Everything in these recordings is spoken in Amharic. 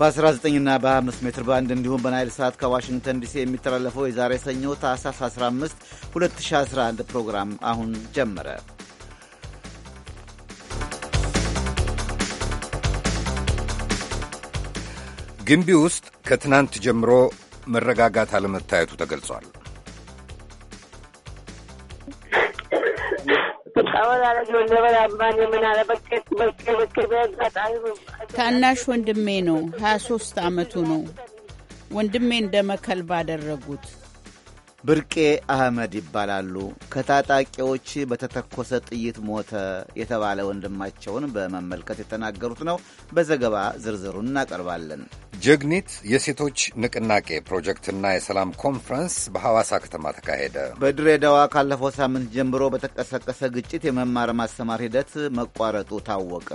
በ19ና በ 5 ሜትር ባንድ እንዲሁም በናይል ሰዓት ከዋሽንግተን ዲሲ የሚተላለፈው የዛሬ ሰኞ ታህሳስ 15 2011 ፕሮግራም አሁን ጀመረ። ግንቢ ውስጥ ከትናንት ጀምሮ መረጋጋት አለመታየቱ ተገልጿል። ታናሽ ወንድሜ ነው። ሀያ ሶስት አመቱ ነው። ወንድሜ እንደ መከል ባደረጉት። ብርቄ አህመድ ይባላሉ። ከታጣቂዎች በተተኮሰ ጥይት ሞተ የተባለ ወንድማቸውን በመመልከት የተናገሩት ነው። በዘገባ ዝርዝሩን እናቀርባለን። ጀግኒት የሴቶች ንቅናቄ ፕሮጀክትና የሰላም ኮንፈረንስ በሐዋሳ ከተማ ተካሄደ። በድሬዳዋ ካለፈው ሳምንት ጀምሮ በተቀሰቀሰ ግጭት የመማር ማስተማር ሂደት መቋረጡ ታወቀ።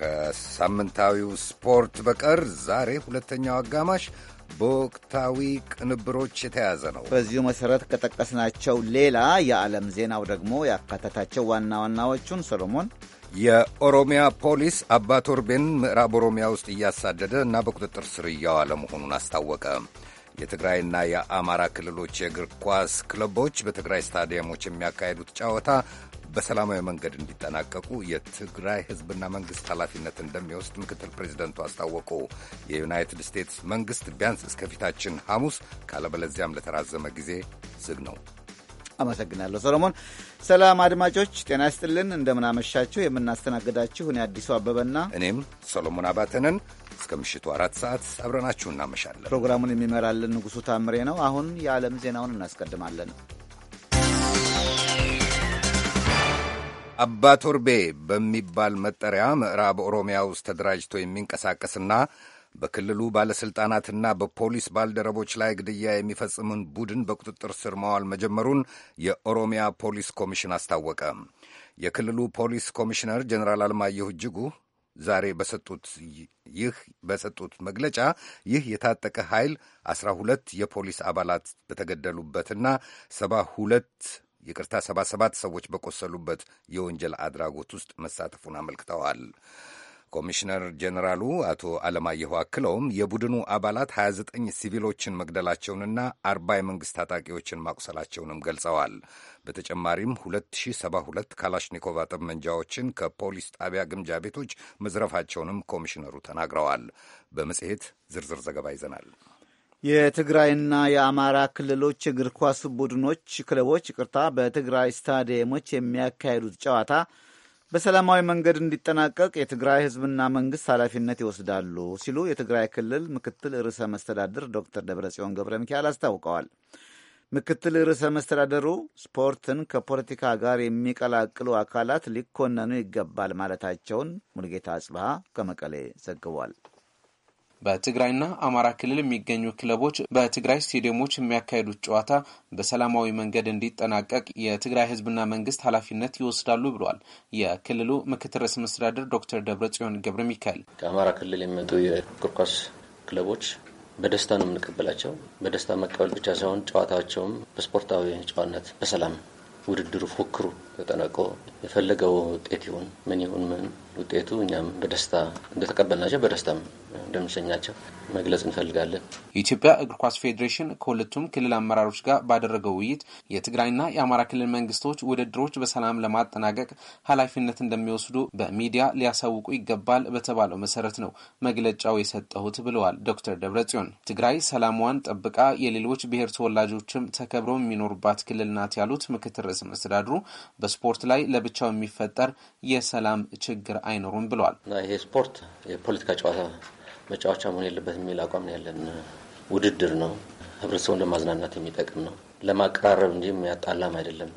ከሳምንታዊው ስፖርት በቀር ዛሬ ሁለተኛው አጋማሽ በወቅታዊ ቅንብሮች የተያዘ ነው። በዚሁ መሠረት ከጠቀስናቸው ሌላ የዓለም ዜናው ደግሞ ያካተታቸው ዋና ዋናዎቹን ሰሎሞን የኦሮሚያ ፖሊስ አባ ቶርቤን ምዕራብ ኦሮሚያ ውስጥ እያሳደደ እና በቁጥጥር ስር እያዋለ መሆኑን አስታወቀ። የትግራይና የአማራ ክልሎች የእግር ኳስ ክለቦች በትግራይ ስታዲየሞች የሚያካሄዱት ጨዋታ በሰላማዊ መንገድ እንዲጠናቀቁ የትግራይ ሕዝብና መንግሥት ኃላፊነት እንደሚወስድ ምክትል ፕሬዚደንቱ አስታወቁ። የዩናይትድ ስቴትስ መንግሥት ቢያንስ እስከፊታችን ሐሙስ ካለበለዚያም ለተራዘመ ጊዜ ዝግ ነው አመሰግናለሁ ሰሎሞን። ሰላም አድማጮች፣ ጤና ይስጥልን። እንደምናመሻችሁ የምናስተናግዳችሁ እኔ አዲሱ አበበና እኔም ሰሎሞን አባተንን እስከ ምሽቱ አራት ሰዓት አብረናችሁ እናመሻለን። ፕሮግራሙን የሚመራልን ንጉሱ ታምሬ ነው። አሁን የዓለም ዜናውን እናስቀድማለን። አባቶርቤ በሚባል መጠሪያ ምዕራብ ኦሮሚያ ውስጥ ተደራጅቶ የሚንቀሳቀስና በክልሉ ባለሥልጣናትና በፖሊስ ባልደረቦች ላይ ግድያ የሚፈጽምን ቡድን በቁጥጥር ስር መዋል መጀመሩን የኦሮሚያ ፖሊስ ኮሚሽን አስታወቀ። የክልሉ ፖሊስ ኮሚሽነር ጀኔራል አለማየሁ እጅጉ ዛሬ በሰጡት ይህ በሰጡት መግለጫ ይህ የታጠቀ ኃይል አስራ ሁለት የፖሊስ አባላት በተገደሉበትና ሰባ ሁለት ይቅርታ ሰባ ሰባት ሰዎች በቆሰሉበት የወንጀል አድራጎት ውስጥ መሳተፉን አመልክተዋል። ኮሚሽነር ጀኔራሉ አቶ አለማየሁ አክለውም የቡድኑ አባላት 29 ሲቪሎችን መግደላቸውንና አርባ የመንግሥት ታጣቂዎችን ማቁሰላቸውንም ገልጸዋል። በተጨማሪም 2072 ካላሽኒኮቫ ጠመንጃዎችን ከፖሊስ ጣቢያ ግምጃ ቤቶች መዝረፋቸውንም ኮሚሽነሩ ተናግረዋል። በመጽሔት ዝርዝር ዘገባ ይዘናል። የትግራይና የአማራ ክልሎች እግር ኳስ ቡድኖች ክለቦች፣ ይቅርታ፣ በትግራይ ስታዲየሞች የሚያካሄዱት ጨዋታ በሰላማዊ መንገድ እንዲጠናቀቅ የትግራይ ህዝብና መንግስት ኃላፊነት ይወስዳሉ ሲሉ የትግራይ ክልል ምክትል ርዕሰ መስተዳድር ዶክተር ደብረጽዮን ገብረ ሚካኤል አስታውቀዋል። ምክትል ርዕሰ መስተዳደሩ ስፖርትን ከፖለቲካ ጋር የሚቀላቅሉ አካላት ሊኮነኑ ይገባል ማለታቸውን ሙልጌታ አጽብሃ ከመቀሌ ዘግቧል። በትግራይና አማራ ክልል የሚገኙ ክለቦች በትግራይ ስቴዲየሞች የሚያካሄዱት ጨዋታ በሰላማዊ መንገድ እንዲጠናቀቅ የትግራይ ህዝብና መንግስት ኃላፊነት ይወስዳሉ ብለዋል የክልሉ ምክትል ርዕሰ መስተዳድር ዶክተር ጽዮን ገብረ ሚካኤል። ከአማራ ክልል የሚመጡ የእግር ኳስ ክለቦች በደስታ ነው የምንቀበላቸው። በደስታ መቀበል ብቻ ሳይሆን ጨዋታቸውም በስፖርታዊ ጨዋነት በሰላም ውድድሩ ፉክክሩ ተጠናቆ የፈለገው ውጤት ይሁን ምን ይሁን ምን ውጤቱ እኛም በደስታ እንደተቀበልናቸው በደስታም እንደምንሸኛቸው መግለጽ እንፈልጋለን። የኢትዮጵያ እግር ኳስ ፌዴሬሽን ከሁለቱም ክልል አመራሮች ጋር ባደረገው ውይይት የትግራይና የአማራ ክልል መንግስቶች ውድድሮች በሰላም ለማጠናቀቅ ኃላፊነት እንደሚወስዱ በሚዲያ ሊያሳውቁ ይገባል በተባለው መሰረት ነው መግለጫው የሰጠሁት ብለዋል ዶክተር ደብረጽዮን። ትግራይ ሰላሟን ጠብቃ የሌሎች ብሔር ተወላጆችም ተከብረው የሚኖሩባት ክልል ናት ያሉት ምክትል ርዕሰ መስተዳድሩ በስፖርት ላይ ለብቻው የሚፈጠር የሰላም ችግር አይኖሩም ብለዋል። ይሄ ስፖርት የፖለቲካ ጨዋታ መጫወቻ መሆን የለበት የሚል አቋም ነው ያለን። ውድድር ነው፣ ህብረተሰቡን ለማዝናናት የሚጠቅም ነው፣ ለማቀራረብ እንጂ የሚያጣላም አይደለም።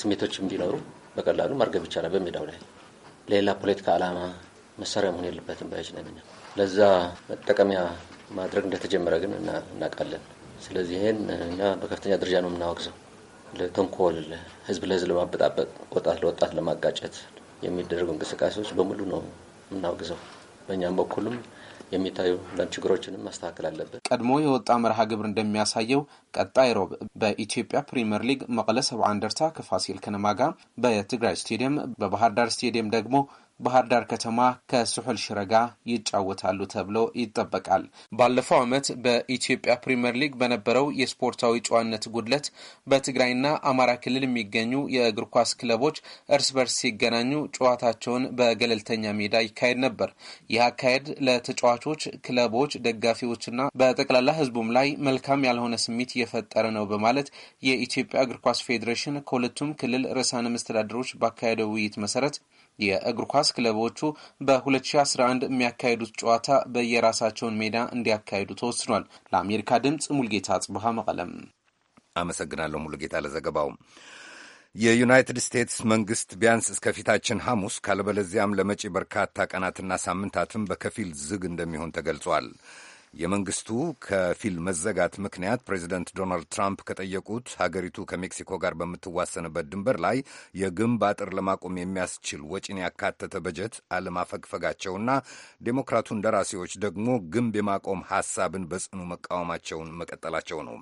ስሜቶች ቢኖሩ በቀላሉ ማርገብ ይቻላል በሜዳው ላይ። ሌላ ፖለቲካ ዓላማ መሳሪያ መሆን የለበትም ባዮች ነን። ለዛ መጠቀሚያ ማድረግ እንደተጀመረ ግን እናውቃለን። ስለዚህ ይህን እኛ በከፍተኛ ደረጃ ነው የምናወግዘው። ለተንኮል፣ ህዝብ ለህዝብ ለማበጣበጥ፣ ወጣት ለወጣት ለማጋጨት የሚደረጉ እንቅስቃሴዎች በሙሉ ነው የምናወግዘው። በእኛም በኩልም የሚታዩ አንዳንድ ችግሮችንም ማስተካከል አለብን። ቀድሞ የወጣ መርሃ ግብር እንደሚያሳየው ቀጣይ ሮብ በኢትዮጵያ ፕሪምየር ሊግ መቀለ ሰብ አንደርታ ከፋሲል ከነማ ጋር፣ በትግራይ ስቴዲየም፣ በባህር ዳር ስቴዲየም ደግሞ ባህር ዳር ከተማ ከስሑል ሽረ ጋር ይጫወታሉ ተብሎ ይጠበቃል። ባለፈው ዓመት በኢትዮጵያ ፕሪምየር ሊግ በነበረው የስፖርታዊ ጨዋነት ጉድለት በትግራይና አማራ ክልል የሚገኙ የእግር ኳስ ክለቦች እርስ በርስ ሲገናኙ ጨዋታቸውን በገለልተኛ ሜዳ ይካሄድ ነበር። ይህ አካሄድ ለተጫዋቾች፣ ክለቦች፣ ደጋፊዎችና በጠቅላላ ሕዝቡም ላይ መልካም ያልሆነ ስሜት እየፈጠረ ነው በማለት የኢትዮጵያ እግር ኳስ ፌዴሬሽን ከሁለቱም ክልል ርዕሳነ መስተዳድሮች ባካሄደው ውይይት መሰረት የእግር ኳስ ክለቦቹ በ2011 የሚያካሄዱት ጨዋታ በየራሳቸውን ሜዳ እንዲያካሂዱ ተወስኗል። ለአሜሪካ ድምፅ ሙልጌታ ጽቡሃ መቀለም። አመሰግናለሁ ሙልጌታ ለዘገባው። የዩናይትድ ስቴትስ መንግሥት ቢያንስ እስከፊታችን ሐሙስ ካለበለዚያም ለመጪ በርካታ ቀናትና ሳምንታትም በከፊል ዝግ እንደሚሆን ተገልጿል። የመንግስቱ ከፊል መዘጋት ምክንያት ፕሬዚደንት ዶናልድ ትራምፕ ከጠየቁት ሀገሪቱ ከሜክሲኮ ጋር በምትዋሰንበት ድንበር ላይ የግንብ አጥር ለማቆም የሚያስችል ወጪን ያካተተ በጀት አለማፈግፈጋቸውና ዴሞክራቱ እንደራሴዎች ደግሞ ግንብ የማቆም ሐሳብን በጽኑ መቃወማቸውን መቀጠላቸው ነው።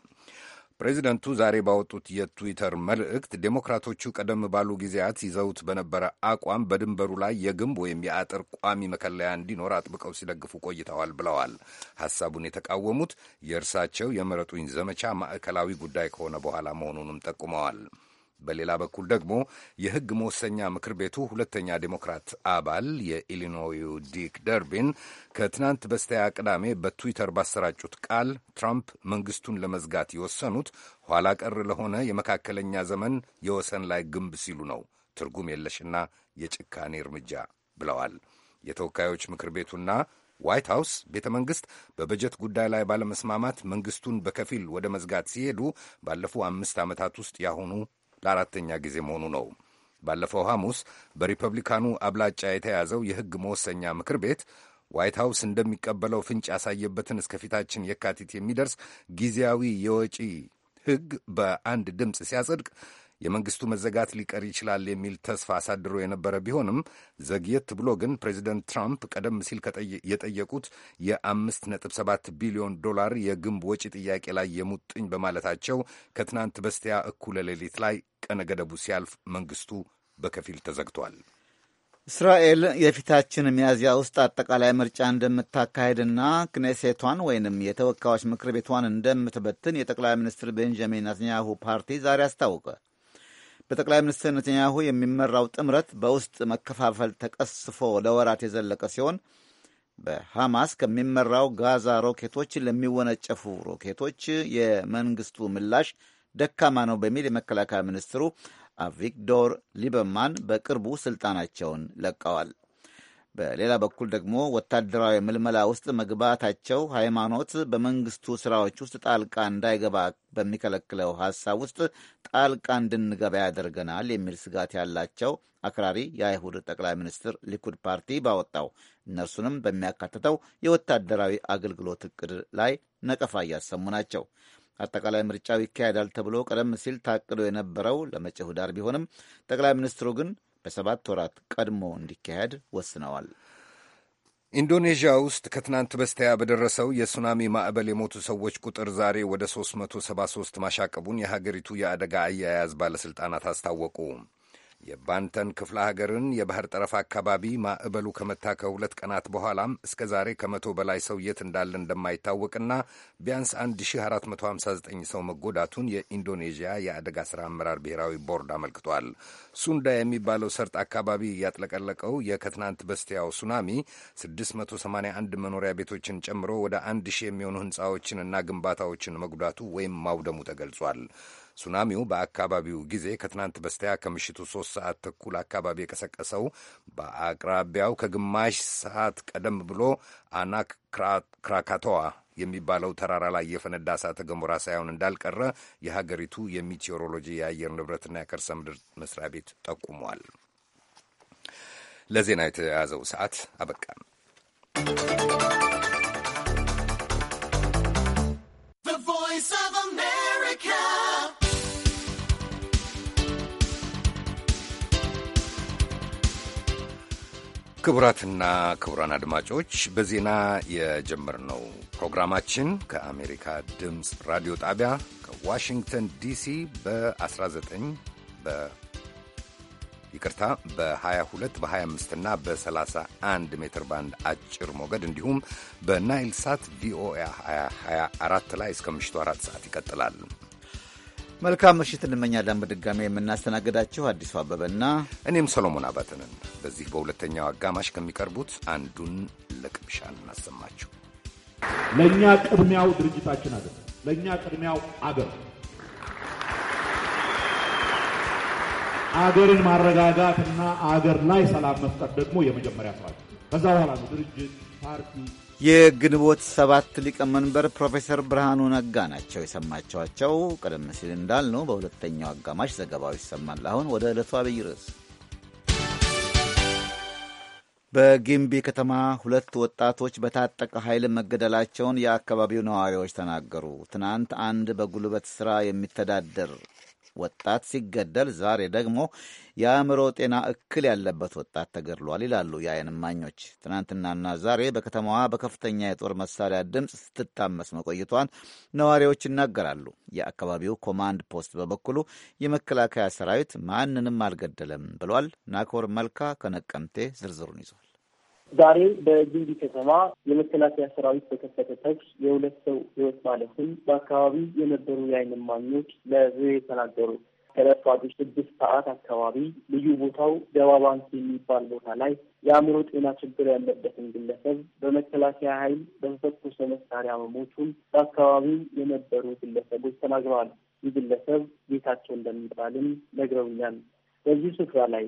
ፕሬዚደንቱ ዛሬ ባወጡት የትዊተር መልእክት ዴሞክራቶቹ ቀደም ባሉ ጊዜያት ይዘውት በነበረ አቋም በድንበሩ ላይ የግንብ ወይም የአጥር ቋሚ መከለያ እንዲኖር አጥብቀው ሲደግፉ ቆይተዋል ብለዋል። ሐሳቡን የተቃወሙት የእርሳቸው የምረጡኝ ዘመቻ ማዕከላዊ ጉዳይ ከሆነ በኋላ መሆኑንም ጠቁመዋል። በሌላ በኩል ደግሞ የሕግ መወሰኛ ምክር ቤቱ ሁለተኛ ዴሞክራት አባል የኢሊኖዩ ዲክ ደርቢን ከትናንት በስተያ ቅዳሜ በትዊተር ባሰራጩት ቃል ትራምፕ መንግስቱን ለመዝጋት የወሰኑት ኋላ ቀር ለሆነ የመካከለኛ ዘመን የወሰን ላይ ግንብ ሲሉ ነው ትርጉም የለሽና የጭካኔ እርምጃ ብለዋል። የተወካዮች ምክር ቤቱና ዋይት ሀውስ ቤተ መንግሥት በበጀት ጉዳይ ላይ ባለመስማማት መንግስቱን በከፊል ወደ መዝጋት ሲሄዱ ባለፉ አምስት ዓመታት ውስጥ ያሁኑ ለአራተኛ ጊዜ መሆኑ ነው። ባለፈው ሐሙስ በሪፐብሊካኑ አብላጫ የተያዘው የሕግ መወሰኛ ምክር ቤት ዋይት ሀውስ እንደሚቀበለው ፍንጭ ያሳየበትን እስከፊታችን የካቲት የሚደርስ ጊዜያዊ የወጪ ሕግ በአንድ ድምፅ ሲያጸድቅ የመንግስቱ መዘጋት ሊቀር ይችላል የሚል ተስፋ አሳድሮ የነበረ ቢሆንም ዘግየት ብሎ ግን ፕሬዚደንት ትራምፕ ቀደም ሲል የጠየቁት የአምስት ነጥብ ሰባት ቢሊዮን ዶላር የግንብ ወጪ ጥያቄ ላይ የሙጥኝ በማለታቸው ከትናንት በስቲያ እኩለ ሌሊት ላይ ቀነ ገደቡ ሲያልፍ መንግስቱ በከፊል ተዘግቷል። እስራኤል የፊታችን ሚያዝያ ውስጥ አጠቃላይ ምርጫ እንደምታካሄድና ክኔሴቷን ወይንም የተወካዮች ምክር ቤቷን እንደምትበትን የጠቅላይ ሚኒስትር ቤንጃሚን ነትንያሁ ፓርቲ ዛሬ አስታወቀ። በጠቅላይ ሚኒስትር ነተንያሁ የሚመራው ጥምረት በውስጥ መከፋፈል ተቀስፎ ለወራት የዘለቀ ሲሆን በሐማስ ከሚመራው ጋዛ ሮኬቶች ለሚወነጨፉ ሮኬቶች የመንግስቱ ምላሽ ደካማ ነው በሚል የመከላከያ ሚኒስትሩ አቪግዶር ሊበርማን በቅርቡ ስልጣናቸውን ለቀዋል። በሌላ በኩል ደግሞ ወታደራዊ ምልመላ ውስጥ መግባታቸው ሃይማኖት በመንግስቱ ስራዎች ውስጥ ጣልቃ እንዳይገባ በሚከለክለው ሀሳብ ውስጥ ጣልቃ እንድንገባ ያደርገናል የሚል ስጋት ያላቸው አክራሪ የአይሁድ ጠቅላይ ሚኒስትር ሊኩድ ፓርቲ ባወጣው እነርሱንም በሚያካትተው የወታደራዊ አገልግሎት እቅድ ላይ ነቀፋ እያሰሙ ናቸው። አጠቃላይ ምርጫው ይካሄዳል ተብሎ ቀደም ሲል ታቅዶ የነበረው ለመጪው ኅዳር ቢሆንም ጠቅላይ ሚኒስትሩ ግን በሰባት ወራት ቀድሞ እንዲካሄድ ወስነዋል። ኢንዶኔዥያ ውስጥ ከትናንት በስቲያ በደረሰው የሱናሚ ማዕበል የሞቱ ሰዎች ቁጥር ዛሬ ወደ 373 ማሻቀቡን የሀገሪቱ የአደጋ አያያዝ ባለሥልጣናት አስታወቁ። የባንተን ክፍለ ሀገርን የባህር ጠረፍ አካባቢ ማዕበሉ ከመታ ከሁለት ቀናት በኋላም እስከ ዛሬ ከመቶ በላይ ሰው የት እንዳለ እንደማይታወቅና ቢያንስ 1459 ሰው መጎዳቱን የኢንዶኔዥያ የአደጋ ሥራ አመራር ብሔራዊ ቦርድ አመልክቷል። ሱንዳ የሚባለው ሰርጥ አካባቢ ያጥለቀለቀው የከትናንት በስቲያው ሱናሚ 681 መኖሪያ ቤቶችን ጨምሮ ወደ 1000 የሚሆኑ ሕንፃዎችንና ግንባታዎችን መጉዳቱ ወይም ማውደሙ ተገልጿል። ሱናሚው በአካባቢው ጊዜ ከትናንት በስቲያ ከምሽቱ ሶስት ሰዓት ተኩል አካባቢ የቀሰቀሰው በአቅራቢያው ከግማሽ ሰዓት ቀደም ብሎ አናክ ክራካቶዋ የሚባለው ተራራ ላይ የፈነዳ እሳተ ገሞራ ሳይሆን እንዳልቀረ የሀገሪቱ የሚቴዎሮሎጂ የአየር ንብረትና የከርሰ ምድር መስሪያ ቤት ጠቁሟል። ለዜና የተያዘው ሰዓት አበቃ። ክቡራትና ክቡራን አድማጮች በዜና የጀመርነው ፕሮግራማችን ከአሜሪካ ድምፅ ራዲዮ ጣቢያ ከዋሽንግተን ዲሲ በ19 በ ይቅርታ በ22 በ25 እና በ31 ሜትር ባንድ አጭር ሞገድ እንዲሁም በናይል ሳት ቪኦኤ 224 ላይ እስከ ምሽቱ አራት ሰዓት ይቀጥላል። መልካም ምሽት እንመኛለን። በድጋሚ የምናስተናግዳችሁ አዲሱ አበበና እኔም ሰሎሞን አባተንን። በዚህ በሁለተኛው አጋማሽ ከሚቀርቡት አንዱን ለቅምሻ እናሰማችሁ። ለእኛ ቅድሚያው ድርጅታችን አገር፣ ለእኛ ቅድሚያው አገር፣ አገርን ማረጋጋትና አገር ላይ ሰላም መፍጠር ደግሞ የመጀመሪያ ስራችን። ከዛ በኋላ ነው ድርጅት ፓርቲ የግንቦት ሰባት ሊቀመንበር ፕሮፌሰር ብርሃኑ ነጋ ናቸው የሰማችኋቸው። ቀደም ሲል እንዳልነው በሁለተኛው አጋማሽ ዘገባው ይሰማል። አሁን ወደ ዕለቱ አብይ ርዕስ። በጊምቢ ከተማ ሁለት ወጣቶች በታጠቀ ኃይል መገደላቸውን የአካባቢው ነዋሪዎች ተናገሩ። ትናንት አንድ በጉልበት ሥራ የሚተዳደር ወጣት ሲገደል ዛሬ ደግሞ የአእምሮ ጤና እክል ያለበት ወጣት ተገድሏል ይላሉ የዓይን እማኞች። ትናንትናና ዛሬ በከተማዋ በከፍተኛ የጦር መሳሪያ ድምፅ ስትታመስ መቆይቷን ነዋሪዎች ይናገራሉ። የአካባቢው ኮማንድ ፖስት በበኩሉ የመከላከያ ሰራዊት ማንንም አልገደለም ብሏል። ናኮር መልካ ከነቀምቴ ዝርዝሩን ይዟል። ዛሬ በጊምቢ ከተማ የመከላከያ ሰራዊት በከፈተ ተኩስ የሁለት ሰው ህይወት ማለፉን በአካባቢ የነበሩ የዓይን እማኞች ለቪኦኤ ተናገሩ። ከረፋዱ ስድስት ሰዓት አካባቢ ልዩ ቦታው ደባ ባንክ የሚባል ቦታ ላይ የአእምሮ ጤና ችግር ያለበትን ግለሰብ በመከላከያ ኃይል በተተኮሰ መሳሪያ መሞቱን በአካባቢው የነበሩ ግለሰቦች ተናግረዋል። ይህ ግለሰብ ጌታቸው እንደሚባልም ነግረውኛል። በዚህ ስፍራ ላይ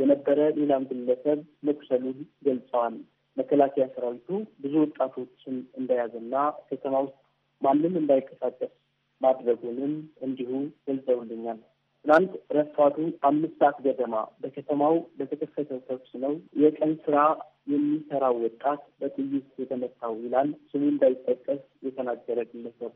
የነበረ ሌላም ግለሰብ መቁሰሉን ገልጸዋል። መከላከያ ሰራዊቱ ብዙ ወጣቶችን እንደያዘና ከተማ ውስጥ ማንም እንዳይንቀሳቀስ ማድረጉንም እንዲሁ ገልጸውልኛል። ትናንት ረፋቱ አምስት ሰዓት ገደማ በከተማው በተከፈተው ተኩስ ነው የቀን ስራ የሚሰራው ወጣት በጥይት የተመታው ይላል ስሙ እንዳይጠቀስ የተናገረ ግለሰብ።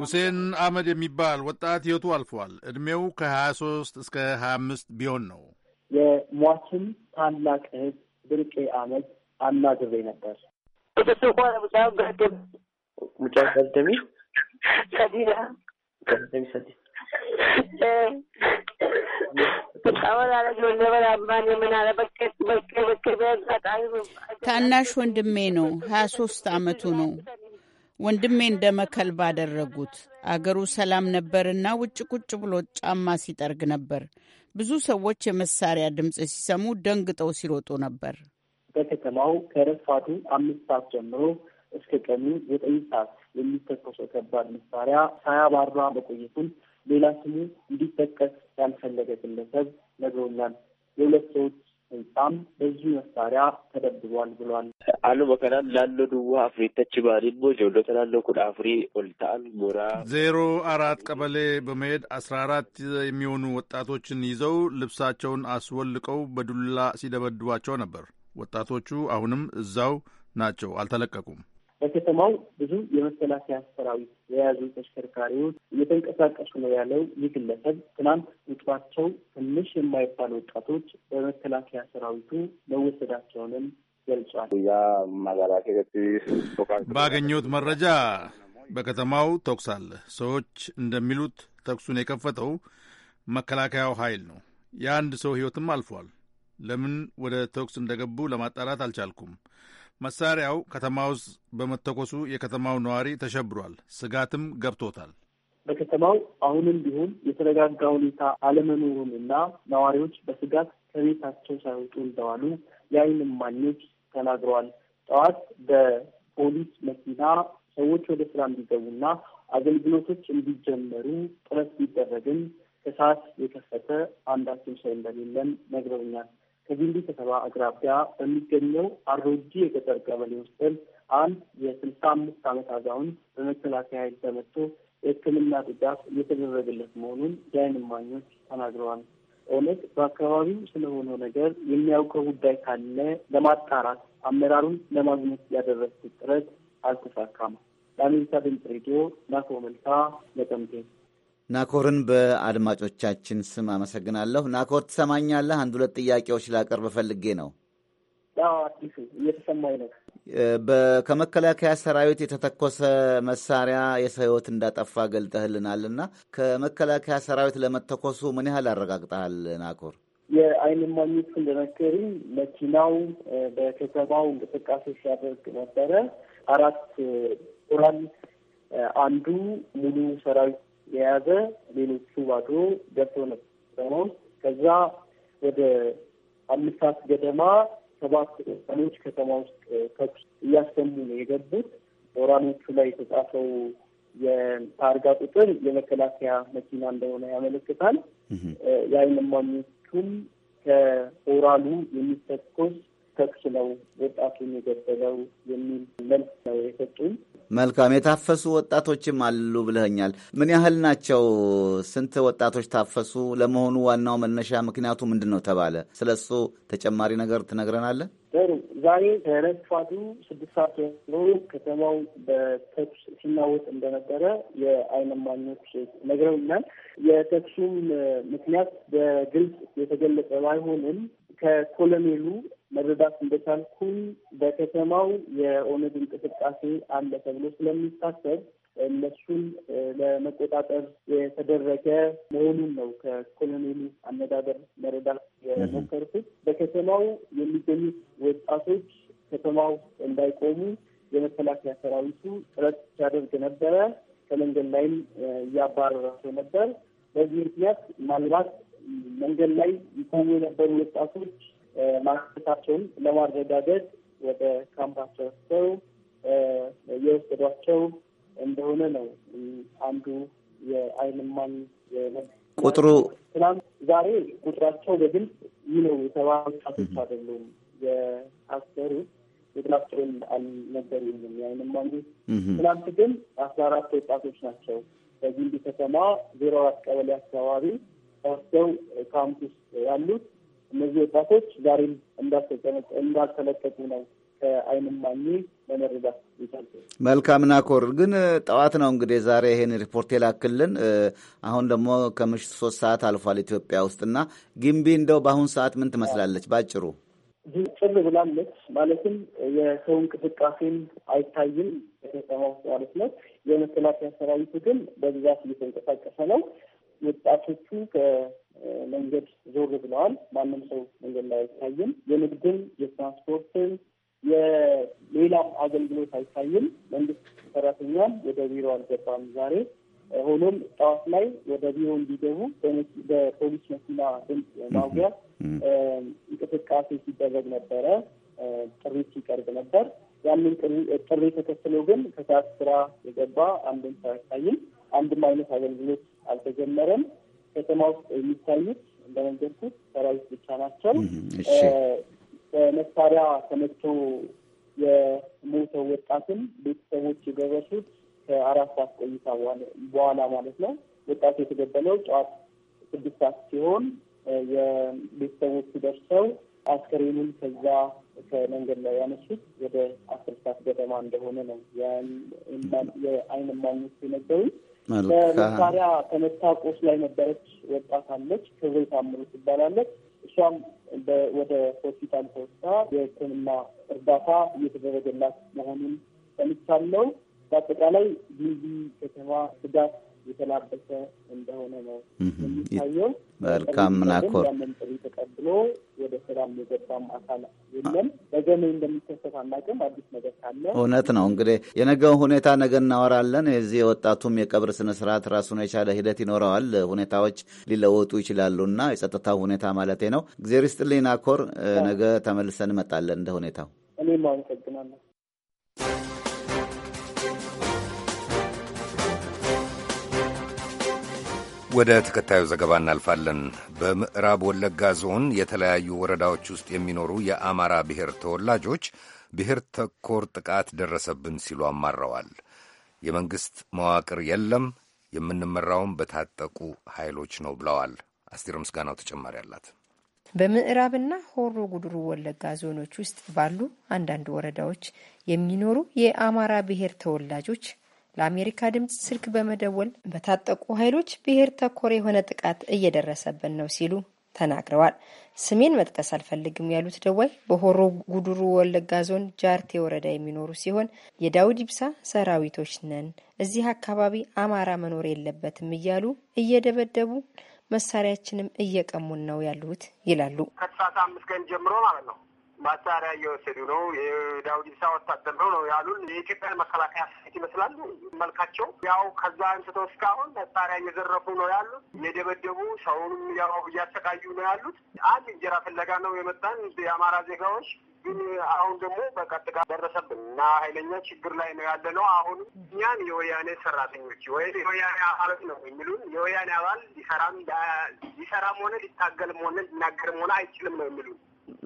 ሁሴን አህመድ የሚባል ወጣት ህይወቱ አልፏል። ዕድሜው ከሀያ ሶስት እስከ ሀያ አምስት ቢሆን ነው። የሟችን ታላቅ እህት ብርቄ አህመድ አናግሬ ነበር። ሙጫ ቀደሚ ታናሽ ወንድሜ ነው። ሀያ ሶስት አመቱ ነው። ወንድሜ እንደ መከልብ ባደረጉት። አገሩ ሰላም ነበርና ውጭ ቁጭ ብሎ ጫማ ሲጠርግ ነበር። ብዙ ሰዎች የመሳሪያ ድምፅ ሲሰሙ ደንግጠው ሲሮጡ ነበር። በከተማው ከረፋዱ አምስት ሰዓት ጀምሮ እስከ ቀኑ ዘጠኝ ሰዓት የሚተኮሰው ከባድ መሳሪያ ሳያባራ መቆየቱን ሌላ ስሙ እንዲጠቀስ ያልፈለገ ግለሰብ ነግሮኛል። የሁለት ሰዎች ህንጻም በዚሁ መሳሪያ ተደብድቧል ብሏል። አሉ ከናን ላሎ ድዋ አፍሪ ተች ባሪን ቦጆሎተ ናኖ አፍሪ ኦልታን ሞራ ዜሮ አራት ቀበሌ በመሄድ አስራ አራት የሚሆኑ ወጣቶችን ይዘው ልብሳቸውን አስወልቀው በዱላ ሲደበድቧቸው ነበር። ወጣቶቹ አሁንም እዛው ናቸው፣ አልተለቀቁም። በከተማው ብዙ የመከላከያ ሰራዊት የያዙ ተሽከርካሪዎች እየተንቀሳቀሱ ነው ያለው ይህ ግለሰብ ትናንት ቁጥራቸው ትንሽ የማይባል ወጣቶች በመከላከያ ሰራዊቱ መወሰዳቸውንም ገልጿል። ባገኘሁት መረጃ በከተማው ተኩስ አለ። ሰዎች እንደሚሉት ተኩሱን የከፈተው መከላከያው ኃይል ነው። የአንድ ሰው ሕይወትም አልፏል። ለምን ወደ ተኩስ እንደገቡ ለማጣራት አልቻልኩም። መሳሪያው ከተማ ውስጥ በመተኮሱ የከተማው ነዋሪ ተሸብሯል፣ ስጋትም ገብቶታል። በከተማው አሁንም ቢሆን የተረጋጋ ሁኔታ አለመኖሩን እና ነዋሪዎች በስጋት ከቤታቸው ሳይወጡ እንደዋሉ የዓይን እማኞች ተናግረዋል። ጠዋት በፖሊስ መኪና ሰዎች ወደ ስራ እንዲገቡና አገልግሎቶች እንዲጀመሩ ጥረት ቢደረግም ከሰዓት የከፈተ አንዳችም ሰው እንደሌለን ነግረውኛል። ከጊምቢ ከተማ አቅራቢያ በሚገኘው አሮጂ የገጠር ቀበሌ ውስጥም አንድ የስልሳ አምስት ዓመት አዛውንት በመከላከያ ኃይል ተመቶ የሕክምና ድጋፍ እየተደረገለት መሆኑን የዓይን እማኞች ተናግረዋል። ኦነግ በአካባቢው ስለሆነው ነገር የሚያውቀው ጉዳይ ካለ ለማጣራት አመራሩን ለማግኘት ያደረግኩት ጥረት አልተሳካም። ለአሜሪካ ድምፅ ሬዲዮ ናቶ መልካ ነቀምቴ ናኮርን በአድማጮቻችን ስም አመሰግናለሁ። ናኮር ትሰማኛለህ? አንድ ሁለት ጥያቄዎች ላቀርብ ፈልጌ ነው። አዲሱ እየተሰማኝ ነው። ከመከላከያ ሰራዊት የተተኮሰ መሳሪያ የሰው ሕይወት እንዳጠፋ ገልጠህልናል እና ከመከላከያ ሰራዊት ለመተኮሱ ምን ያህል አረጋግጠሃል ናኮር? የአይን እማኞች እንደነገሩኝ መኪናው በከተማው እንቅስቃሴ ሲያደርግ ነበረ። አራት ራል አንዱ ሙሉ ሰራዊት የያዘ ሌሎቹ ባዶ ገብተው ነበር። ከዛ ወደ አምስት ሰዓት ገደማ ሰባት ሌሎች ከተማ ውስጥ ተኩስ እያሰሙ ነው የገቡት። ኦራኖቹ ላይ የተጻፈው የታርጋ ቁጥር የመከላከያ መኪና እንደሆነ ያመለክታል። የአይን እማኞቹም ከኦራሉ የሚተኮስ ተኩስ ነው ወጣቱን የገደለው የሚል መልስ ነው የሰጡኝ። መልካም የታፈሱ ወጣቶችም አሉ ብለኛል ምን ያህል ናቸው? ስንት ወጣቶች ታፈሱ? ለመሆኑ ዋናው መነሻ ምክንያቱ ምንድን ነው ተባለ? ስለ እሱ ተጨማሪ ነገር ትነግረናለህ? ጥሩ። ዛሬ ከረፋዱ ስድስት ሰዓት ጀምሮ ከተማው በተኩስ ሲናወጥ እንደነበረ የዓይን እማኞች ነግረውኛል። የተኩሱም ምክንያት በግልጽ የተገለጸ ባይሆንም ከኮሎኔሉ መረዳት እንደቻልኩኝ በከተማው የኦነግ እንቅስቃሴ አለ ተብሎ ስለሚታሰብ እነሱን ለመቆጣጠር የተደረገ መሆኑን ነው ከኮሎኔሉ አነጋገር መረዳት የሞከርኩት። በከተማው የሚገኙት ወጣቶች ከተማው እንዳይቆሙ የመከላከያ ሰራዊቱ ጥረት ሲያደርግ ነበረ። ከመንገድ ላይም እያባረራቸው ነበር። በዚህ ምክንያት ምናልባት መንገድ ላይ ይቆሙ የነበሩ ወጣቶች ማንነታቸውን ለማረጋገጥ ወደ ካምፓቸው ሰው የወሰዷቸው እንደሆነ ነው። አንዱ የአይንማን ቁጥሩ ትናንት ዛሬ ቁጥራቸው በግልጽ ይህ ነው የተባሉ ጣቶች አይደሉም የታሰሩት ቁጥራቸውን አልነገሩኝም የአይንማኝ ትናንት ግን አስራ አራት ወጣቶች ናቸው በጊምቢ ከተማ ዜሮ አራት ቀበሌ አካባቢ ወስደው ካምፕ ውስጥ ያሉት እነዚህ ወጣቶች ዛሬም እንዳልተለቀቁ ነው ከአይን ለመረዳት የቻልኩት። መልካም ናኮር፣ ግን ጠዋት ነው እንግዲህ ዛሬ ይሄን ሪፖርት የላክልን። አሁን ደግሞ ከምሽቱ ሶስት ሰዓት አልፏል ኢትዮጵያ ውስጥ እና ግንቢ እንደው በአሁን ሰዓት ምን ትመስላለች ባጭሩ? ጭር ብላለች። ማለትም የሰው እንቅስቃሴም አይታይም ከተማ ውስጥ ማለት ነው። የመከላከያ ሰራዊቱ ግን በብዛት እየተንቀሳቀሰ ነው። ወጣቶቹ ከመንገድ ዞር ብለዋል። ማንም ሰው መንገድ ላይ አይታይም። የንግድም፣ የትራንስፖርትም የሌላም አገልግሎት አይታይም። መንግስት ሰራተኛም ወደ ቢሮ አልገባም ዛሬ። ሆኖም ጠዋት ላይ ወደ ቢሮ እንዲገቡ በፖሊስ መኪና ድምፅ ማጉያ እንቅስቃሴ ሲደረግ ነበረ፣ ጥሪ ሲቀርብ ነበር። ያንን ጥሪ ተከትሎ ግን ከሰዓት ስራ የገባ አንድም ሰው አይታይም። አንድም አይነት አገልግሎት አልተጀመረም። ከተማ ውስጥ የሚታዩት እንደነገርኩት ሰራዊት ብቻ ናቸው። በመሳሪያ ተመቶ የሞተው ወጣትም ቤተሰቦች የደረሱት ከአራት ሰዓት ቆይታ በኋላ ማለት ነው። ወጣቱ የተገደለው ጠዋት ስድስት ሰዓት ሲሆን የቤተሰቦቹ ደርሰው አስከሬኑን ከዛ ከመንገድ ላይ ያነሱት ወደ አስር ሰዓት ገደማ እንደሆነ ነው የአይን እማኞች የነገሩት። በመሳሪያ ተመታ ቁስ ላይ ነበረች ወጣት አለች። ክብሬ ታምሩ ትባላለች። እሷም ወደ ሆስፒታል ተወስዳ የህክምና እርዳታ እየተደረገላት መሆኑን ሰምቻለሁ። በአጠቃላይ ጊዜ ከተማ ስጋት የተላበሰ እንደሆነ ነው የሚታየው። መልካም ናኮር ያንን ጥሪ ተቀብሎ ወደ ስራ የገባም አካል የለም። ነገ ምን እንደሚከሰት አናውቅም። አዲስ ነገር ካለ እውነት ነው። እንግዲህ የነገውን ሁኔታ ነገ እናወራለን። የዚህ የወጣቱም የቀብር ስነ ስርዓት ራሱን የቻለ ሂደት ይኖረዋል። ሁኔታዎች ሊለወጡ ይችላሉ እና የጸጥታ ሁኔታ ማለቴ ነው። እግዜር ይስጥልኝ ናኮር፣ ነገ ተመልሰን እመጣለን እንደ ሁኔታው። እኔም አመሰግናለሁ። ወደ ተከታዩ ዘገባ እናልፋለን። በምዕራብ ወለጋ ዞን የተለያዩ ወረዳዎች ውስጥ የሚኖሩ የአማራ ብሔር ተወላጆች ብሔር ተኮር ጥቃት ደረሰብን ሲሉ አማረዋል። የመንግሥት መዋቅር የለም፣ የምንመራውም በታጠቁ ኃይሎች ነው ብለዋል። አስቴር ምስጋናው ተጨማሪ አላት። በምዕራብና ሆሮ ጉድሩ ወለጋ ዞኖች ውስጥ ባሉ አንዳንድ ወረዳዎች የሚኖሩ የአማራ ብሔር ተወላጆች ለአሜሪካ ድምፅ ስልክ በመደወል በታጠቁ ኃይሎች ብሔር ተኮር የሆነ ጥቃት እየደረሰብን ነው ሲሉ ተናግረዋል። ስሜን መጥቀስ አልፈልግም ያሉት ደዋይ በሆሮ ጉድሩ ወለጋ ዞን ጃርቴ ወረዳ የሚኖሩ ሲሆን የዳውድ ኢብሳ ሰራዊቶች ነን፣ እዚህ አካባቢ አማራ መኖር የለበትም እያሉ እየደበደቡ መሳሪያችንም እየቀሙን ነው ያሉት ይላሉ። ከሰዓት አምስት ቀን ጀምሮ ማለት ነው ማሳሪያ እየወሰዱ ነው። የዳውድ ኢብሳ ወታደር ነው ነው ያሉን። የኢትዮጵያን መከላከያ ሰት ይመስላሉ መልካቸው። ያው ከዛ አንስተው እስካሁን መሳሪያ እየዘረፉ ነው ያሉት፣ እየደበደቡ ሰውንም ያው እያሰቃዩ ነው ያሉት። አንድ እንጀራ ፍለጋ ነው የመጣን የአማራ ዜጋዎች ግን አሁን ደግሞ በቀጥታ ደረሰብን እና ኃይለኛ ችግር ላይ ነው ያለ ነው። አሁን እኛን የወያኔ ሰራተኞች ወይ የወያኔ አባላት ነው የሚሉን የወያኔ አባል ሊሰራም ሊሰራም ሆነ ሊታገልም ሆነ ሊናገርም ሆነ አይችልም ነው የሚሉን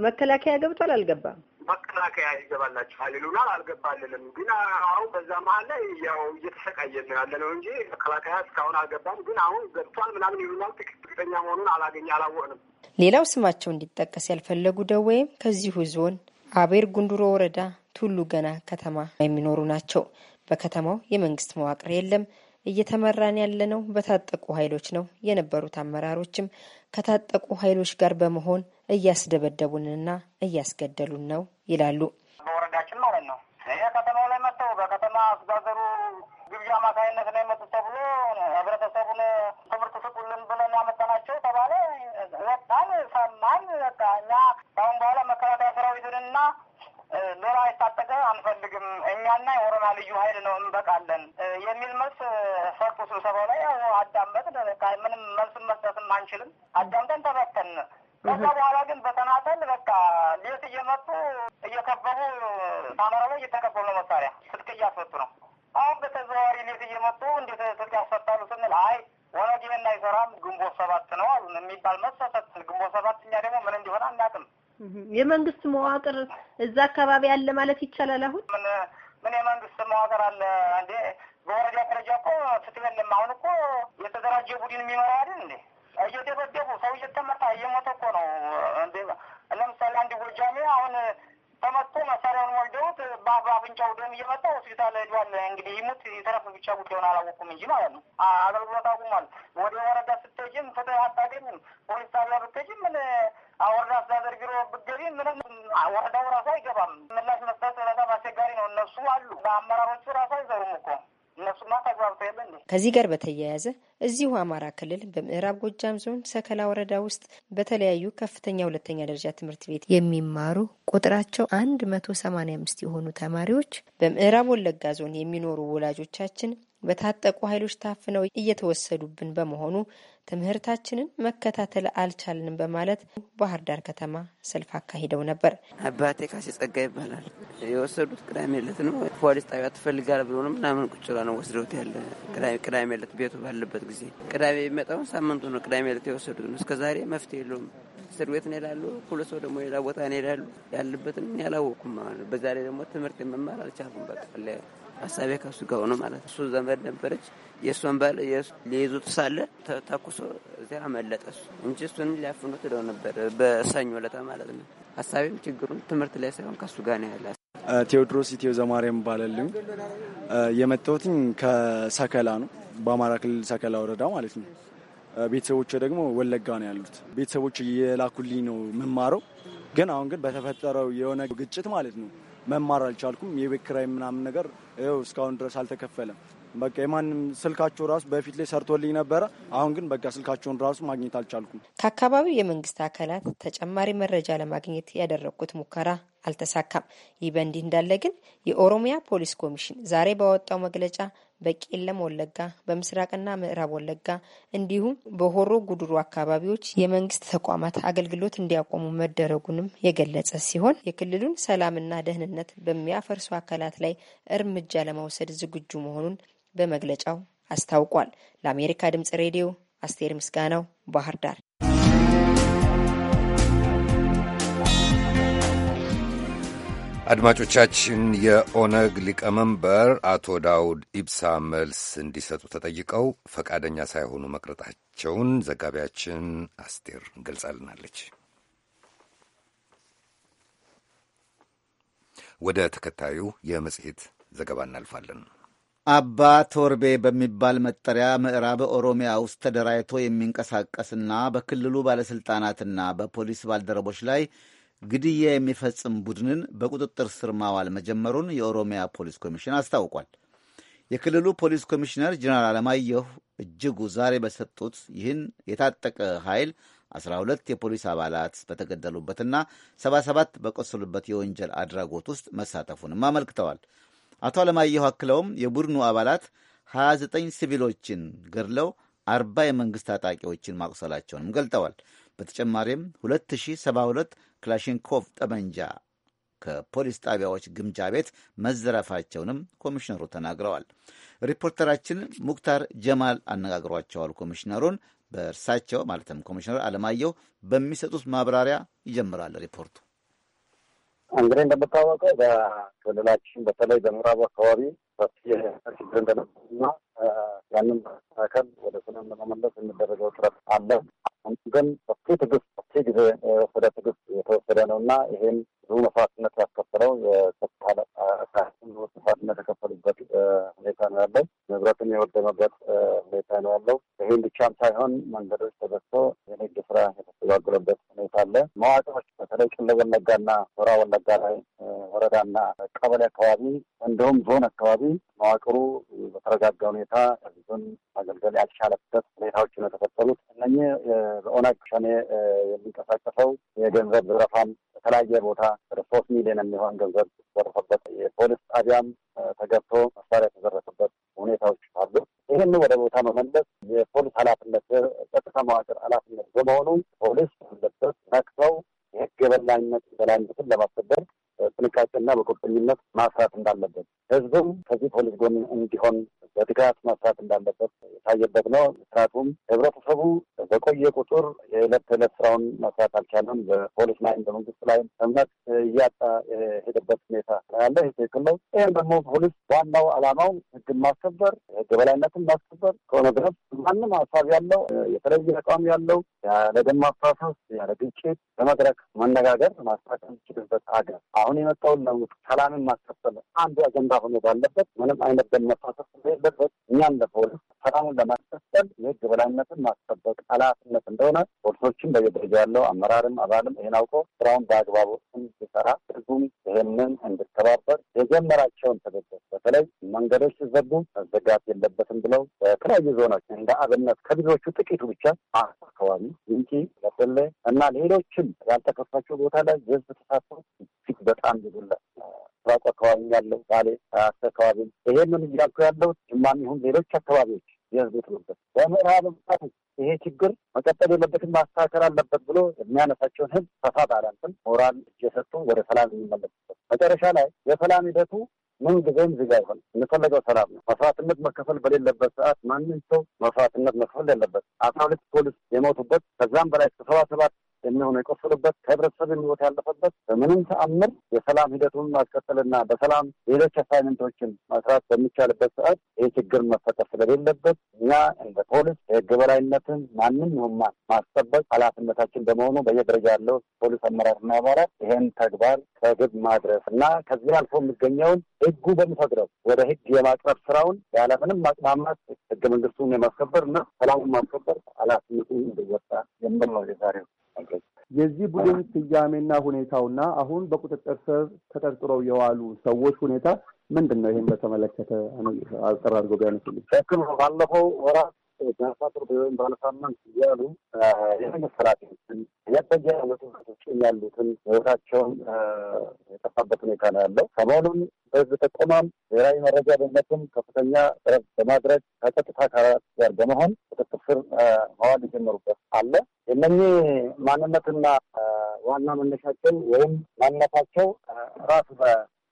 መከላከያ ገብቷል አልገባም? መከላከያ ይገባላችኋል ይሉናል፣ አልገባልንም። ግን አሁን በዛ መሀል ላይ ያው እየተሰቃየን ነው ያለ ነው እንጂ መከላከያ እስካሁን አልገባም። ግን አሁን ገብቷል ምናምን ይሉናል። ትክክለኛ መሆኑን አላገኝ አላወቅንም። ሌላው ስማቸው እንዲጠቀስ ያልፈለጉ ደወይም ከዚሁ ዞን አቤር ጉንዱሮ ወረዳ ቱሉ ገና ከተማ የሚኖሩ ናቸው። በከተማው የመንግስት መዋቅር የለም። እየተመራን ያለነው በታጠቁ ኃይሎች ነው። የነበሩት አመራሮችም ከታጠቁ ኃይሎች ጋር በመሆን እያስደበደቡንና እያስገደሉን ነው ይላሉ። በወረዳችን ማለት ነው። ይህ ከተማው ላይ መጥተው በከተማ አስተዳደሩ ግብዣ አማካኝነት ነው የመጡት ተብሎ ህብረተሰቡን ትምህርት ስጡልን ብለን ያመጣናቸው ተባለ። ወጣን፣ ሰማን። በቃ እኛ በኋላ መከላከያ ሰራዊትንና ሌላ የታጠቀ አንፈልግም፣ እኛና የኦሮማ ልዩ ኃይል ነው እንበቃለን የሚል መልስ ሰጡ። ስብሰባው ላይ አዳመጥን። ምንም መልስ መስጠትም አንችልም። አዳምጠን ተበተን ከዛ በኋላ ግን በተናጠል በቃ ሌት እየመጡ እየከበቡ ሳመራ ላይ እየተከበቡ ነው መሳሪያ ስልክ እያስፈቱ ነው። አሁን በተዘዋዋሪ ሌት እየመጡ እንዴት ስልክ ያስፈታሉ ስንል አይ ወረድ ይህን አይሰራም ግንቦት ሰባት ነው አሉ የሚባል መሰሰት ግንቦት ሰባት እኛ ደግሞ ምን እንዲሆን አናውቅም። የመንግስት መዋቅር እዛ አካባቢ አለ ማለት ይቻላል። አሁን ምን ምን የመንግስት መዋቅር አለ እንዴ? በወረዳ ደረጃ እኮ ስትበልም አሁን እኮ የተደራጀ ቡድን የሚመራ አይደል እንዴ? እየደበደቡ ሰው እየተመታ እየሞተ እኮ ነው። ለምሳሌ አንድ ጎጃሜ አሁን ተመቶ መሳሪያውን ወልደውት በአፍንጫው ደም እየመጣ ሆስፒታል ሄዷል። እንግዲህ ይሙት የተረፈ ብቻ ጉዳዩን አላወኩም እንጂ ማለት ነው። አገልግሎት አቁሟል። ወደ ወረዳ ስትሄጂም ፍትህ አታገኝም። ፖሊስ ጣቢያ ብትሄጂም ምን ወረዳ አስተዳደር ቢሮ ብትገቢ ምንም ወረዳው ራሱ አይገባም። ምላሽ መስጠት በጣም አስቸጋሪ ነው። እነሱ አሉ በአመራሮቹ ራሱ ከዚህ ጋር በተያያዘ እዚሁ አማራ ክልል በምዕራብ ጎጃም ዞን ሰከላ ወረዳ ውስጥ በተለያዩ ከፍተኛ ሁለተኛ ደረጃ ትምህርት ቤት የሚማሩ ቁጥራቸው አንድ መቶ ሰማኒያ አምስት የሆኑ ተማሪዎች በምዕራብ ወለጋ ዞን የሚኖሩ ወላጆቻችን በታጠቁ ኃይሎች ታፍነው እየተወሰዱብን በመሆኑ ትምህርታችንን መከታተል አልቻልንም በማለት ባህር ዳር ከተማ ሰልፍ አካሂደው ነበር። አባቴ ካሴ ጸጋ ይባላል። የወሰዱት ቅዳሜ ዕለት ነው። ፖሊስ ጣቢያ ትፈልጋል ብሎ ምናምን ቁጭ ብላ ነው ወስደውት ያለ ቅዳሜ ዕለት ቤቱ ባለበት ጊዜ ቅዳሜ የሚመጣውን ሳምንቱ ነው ቅዳሜ ዕለት የወሰዱት ነው። እስከ ዛሬ መፍትሄ የለውም። እስር ቤት ነው ይላሉ። ሁለት ሰው ደግሞ ሌላ ቦታ ነው ይላሉ። ያለበትን ያላወቁም። በዛሬ ደግሞ ትምህርት የመማር አልቻሉም። በቃ ሀሳቤ ከሱ ጋር ሆኖ ማለት እሱ ዘመድ ነበረች የእሷን ባል ሊይዙት ሳለ ተኩሶ እዚያ አመለጠ እሱ እንጂ እሱን ሊያፍኑት ለው ነበር በሰኞ ዕለት ማለት ነው። ሀሳቤም ችግሩን ትምህርት ላይ ሳይሆን ከሱ ጋር ነው ያለ። ቴዎድሮስ ኢትዮ ዘማርያም ባለልኝ የመጣሁትኝ ከሰከላ ነው፣ በአማራ ክልል ሰከላ ወረዳ ማለት ነው። ቤተሰቦች ደግሞ ወለጋ ነው ያሉት። ቤተሰቦች የላኩልኝ ነው የምማረው። ግን አሁን ግን በተፈጠረው የሆነ ግጭት ማለት ነው መማር አልቻልኩም። የቤት ኪራይ ምናምን ነገር ይኸው እስካሁን ድረስ አልተከፈለም። በቃ የማንም ስልካቸው ራሱ በፊት ላይ ሰርቶልኝ ነበረ። አሁን ግን በቃ ስልካቸውን ራሱ ማግኘት አልቻልኩም። ከአካባቢው የመንግስት አካላት ተጨማሪ መረጃ ለማግኘት ያደረግኩት ሙከራ አልተሳካም። ይህ በእንዲህ እንዳለ ግን የኦሮሚያ ፖሊስ ኮሚሽን ዛሬ ባወጣው መግለጫ በቄለም ወለጋ፣ በምስራቅና ምዕራብ ወለጋ እንዲሁም በሆሮ ጉድሩ አካባቢዎች የመንግስት ተቋማት አገልግሎት እንዲያቆሙ መደረጉንም የገለጸ ሲሆን የክልሉን ሰላምና ደህንነት በሚያፈርሱ አካላት ላይ እርምጃ ለመውሰድ ዝግጁ መሆኑን በመግለጫው አስታውቋል። ለአሜሪካ ድምጽ ሬዲዮ አስቴር ምስጋናው ባህር ዳር አድማጮቻችን የኦነግ ሊቀመንበር አቶ ዳውድ ኢብሳ መልስ እንዲሰጡ ተጠይቀው ፈቃደኛ ሳይሆኑ መቅረጣቸውን ዘጋቢያችን አስቴር ገልጻልናለች። ወደ ተከታዩ የመጽሔት ዘገባ እናልፋለን። አባ ቶርቤ በሚባል መጠሪያ ምዕራብ ኦሮሚያ ውስጥ ተደራጅቶ የሚንቀሳቀስና በክልሉ ባለሥልጣናትና በፖሊስ ባልደረቦች ላይ ግድያ የሚፈጽም ቡድንን በቁጥጥር ስር ማዋል መጀመሩን የኦሮሚያ ፖሊስ ኮሚሽን አስታውቋል። የክልሉ ፖሊስ ኮሚሽነር ጀነራል አለማየሁ እጅጉ ዛሬ በሰጡት ይህን የታጠቀ ኃይል 12 የፖሊስ አባላት በተገደሉበትና 77 በቆሰሉበት የወንጀል አድራጎት ውስጥ መሳተፉንም አመልክተዋል። አቶ አለማየሁ አክለውም የቡድኑ አባላት 29 ሲቪሎችን ገድለው 40 የመንግሥት ታጣቂዎችን ማቁሰላቸውንም ገልጠዋል። በተጨማሪም 2072 ክላሽንኮቭ ጠመንጃ ከፖሊስ ጣቢያዎች ግምጃ ቤት መዘረፋቸውንም ኮሚሽነሩ ተናግረዋል። ሪፖርተራችን ሙክታር ጀማል አነጋግሯቸዋል። ኮሚሽነሩን በእርሳቸው ማለትም ኮሚሽነር አለማየሁ በሚሰጡት ማብራሪያ ይጀምራል ሪፖርቱ። እንግዲህ እንደምታወቀው በክልላችን በተለይ በምዕራብ አካባቢ ሰፊ ችግር እንደነበርና ያንን መካከል ወደ ሰላም ለመመለስ የሚደረገው ጥረት አለ። ግን ሰፊ ትግስት፣ ሰፊ ጊዜ ወደ ትግስት የተወሰደ ነው እና ይህም ብዙ መስዋዕትነት ያስከፈለው መስዋዕትነት የከፈሉበት ሁኔታ ነው ያለው። ንብረትም የወደመበት ሁኔታ ነው ያለው። ይህን ብቻም ሳይሆን መንገዶች ተዘግቶ የንግድ ስራ የተስተጓጎለበት ሁኔታ አለ። መዋቅሮች በተለይ ቄለ ወለጋና ሆራ ወለጋ ላይ ወረዳና ቀበሌ አካባቢ እንዲሁም ዞን አካባቢ መዋቅሩ በተረጋጋ ሁኔታ ዞን ማገልገል ያልቻለበት ሁኔታዎች ነው የተፈጠሩት። እነኚህ በኦነግ ሸኔ የሚንቀሳቀሰው የገንዘብ ዝረፋም በተለያየ ቦታ ወደ ሶስት ሚሊዮን የሚሆን ገንዘብ የተዘረፈበት የፖሊስ ጣቢያም ተገብቶ መሳሪያ የተዘረፈበት ሁኔታዎች አሉ። ይህን ወደ ቦታ መመለስ የፖሊስ ኃላፊነት ጸጥታ መዋቅር ኃላፊነት በመሆኑ ፖሊስ ተበላይነት በላይነትን ለማስከበር ጥንቃቄና በቁርጠኝነት ማስራት እንዳለበት ህዝቡም ከዚህ ፖሊስ ጎን እንዲሆን በትጋት ማስራት እንዳለበት የታየበት ነው። ስርዓቱም ህብረተሰቡ በቆየ ቁጥር የዕለት ተዕለት ስራውን መስራት አልቻለም። በፖሊስ ላይም በመንግስት ላይም እምነት እያጣ የሄደበት ሁኔታ ያለ ትክክል ነው። ይህም ደግሞ ፖሊስ ዋናው አላማው ህግን ማስከበር፣ ህግ በላይነትን ማስከበር ከሆነ ድረስ ማንም ሀሳብ ያለው የተለየ ተቋም ያለው ያለ ደም ማፋሰስ ያለ ግጭት በመድረክ መነጋገር ማስታቀ የሚችልበት ሀገር አሁን የመጣውን ለውጥ ሰላምን ማስከበር አንዱ አጀንዳ ሆኖ ባለበት ምንም አይነት ደም መፋሰስ የለበት። እኛም ለፖሊስ ሰላሙን ለማስከበር የህግ በላይነትን ማስጠበቅ ኃላፊነት እንደሆነ ፖሊሶችም በየደረጃ ያለው አመራርም አባልም ይህን አውቆ ስራውን በአግባቡ ሲሰራ ህዝቡም ይህንን እንድተባበር የጀመራቸውን ትብብር በተለይ መንገዶች ሲዘጉ መዘጋት የለበትም ብለው በተለያዩ ዞኖች እንደ አብነት ከብዙዎቹ ጥቂቱ ብቻ አካባቢ ምንጭ፣ ለበለ እና ሌሎችም ያልተከፋቸው ቦታ ላይ የህዝብ ተሳትፎ እጅግ በጣም ይጉላል። ምስራቁ አካባቢ ያለው ባሌ አካባቢ ይሄንን እያልኩ ያለው ጅማም ይሁን ሌሎች አካባቢዎች የህዝብ ትብብር በምዕራብ ምጣት ይሄ ችግር መቀጠል የለበትም ማስተካከል አለበት ብሎ የሚያነሳቸውን ህዝብ ሰፋ ባላንትም ሞራል እየሰጡ ወደ ሰላም የሚመለሱበት መጨረሻ ላይ የሰላም ሂደቱ ምን ጊዜም ዝግ አይሆንም። የሚፈለገው ሰላም ነው። መስዋዕትነት መከፈል በሌለበት ሰዓት ማንም ሰው መስዋዕትነት መከፈል የለበት። አስራ ሁለት ፖሊስ የሞቱበት ከዛም በላይ ከሰባ ሰባት የሚሆነ የቆሰሉበት ከህብረተሰብ ህይወት ያለፈበት በምንም ተአምር የሰላም ሂደቱን ማስቀጠልና በሰላም ሌሎች አሳይመንቶችን መስራት በሚቻልበት ሰዓት ይህ ችግር መፈጠር ስለሌለበት እኛ እንደ ፖሊስ የህግ በላይነትን ማንም ይሁን ማስጠበቅ ኃላፊነታችን በመሆኑ በየደረጃ ያለው ፖሊስ አመራርና አባላት ይህን ተግባር ከግብ ማድረስ እና ከዚህ አልፎ የሚገኘውን ህጉ በሚፈቅደው ወደ ህግ የማቅረብ ስራውን ያለምንም ማቅማማት ህገ መንግስቱን የማስከበር እና ሰላሙን ማስከበር ኃላፊነቱን እንዲወጣ የምለው የዛሬው መግለጽ የዚህ ቡድን ስያሜና ሁኔታውና አሁን በቁጥጥር ስር ተጠርጥረው የዋሉ ሰዎች ሁኔታ ምንድን ነው? ይህን በተመለከተ አጠር አድርጎ ቢያነሱልኝ። ትክክል ነው። ባለፈው ወራት በሳጥር ወይም ባለሳምንት እያሉ የመንግስት ሰራተኞችን ያጠያ ያሉትን ያሉትን ህይወታቸውን የጠፋበት ሁኔታ ነው ያለው። ሰሞኑን በህዝብ ተቆማም ብሔራዊ መረጃ ደህንነትም ከፍተኛ ጥረት በማድረግ ከጸጥታ አካላት ጋር በመሆን ቁጥጥር ስር ማዋል የጀመሩበት አለ። የእነኚህ ማንነትና ዋና መነሻቸው ወይም ማንነታቸው ራሱ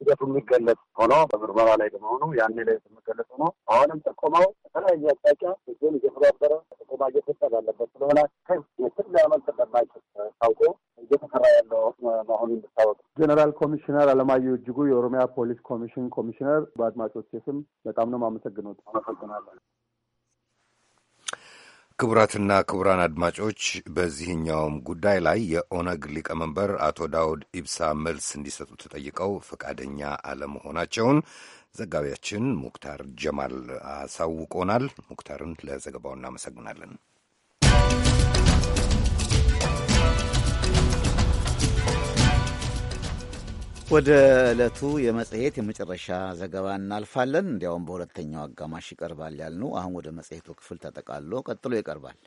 ሂደቱ የሚገለጽ ሆኖ በምርመራ ላይ በመሆኑ ያኔ ላይ የሚገለጽ ሆኖ አሁንም ጥቆማው ከተለያየ አቅጣጫ ህዝብን እየተባበረ ጥቆማ እየሰጠ ባለበት ስለሆነ የትም ሊያመልጥ እንደማይችል ታውቆ እየተሰራ ያለው መሆኑ እንድታወቅ። ጀኔራል ኮሚሽነር አለማየሁ እጅጉ የኦሮሚያ ፖሊስ ኮሚሽን ኮሚሽነር፣ በአድማጮች ስም በጣም ነው የማመሰግነው። አመሰግናለን። ክቡራትና ክቡራን አድማጮች በዚህኛውም ጉዳይ ላይ የኦነግ ሊቀመንበር አቶ ዳውድ ኢብሳ መልስ እንዲሰጡ ተጠይቀው ፈቃደኛ አለመሆናቸውን ዘጋቢያችን ሙክታር ጀማል አሳውቆናል። ሙክታርን ለዘገባው እናመሰግናለን። ወደ ዕለቱ የመጽሔት የመጨረሻ ዘገባ እናልፋለን። እንዲያውም በሁለተኛው አጋማሽ ይቀርባል ያልነው አሁን ወደ መጽሔቱ ክፍል ተጠቃሎ ቀጥሎ ይቀርባል።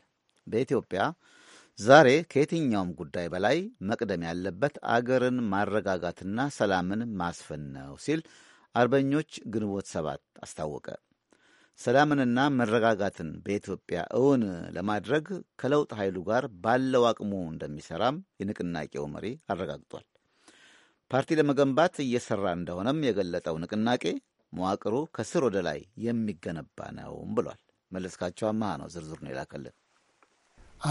በኢትዮጵያ ዛሬ ከየትኛውም ጉዳይ በላይ መቅደም ያለበት አገርን ማረጋጋትና ሰላምን ማስፈን ነው ሲል አርበኞች ግንቦት ሰባት አስታወቀ። ሰላምንና መረጋጋትን በኢትዮጵያ እውን ለማድረግ ከለውጥ ኃይሉ ጋር ባለው አቅሙ እንደሚሰራም የንቅናቄው መሪ አረጋግጧል። ፓርቲ ለመገንባት እየሰራ እንደሆነም የገለጠው ንቅናቄ መዋቅሩ ከስር ወደ ላይ የሚገነባ ነውም ብሏል። መለስካቸው አመሃ ነው ዝርዝሩን የላከልን።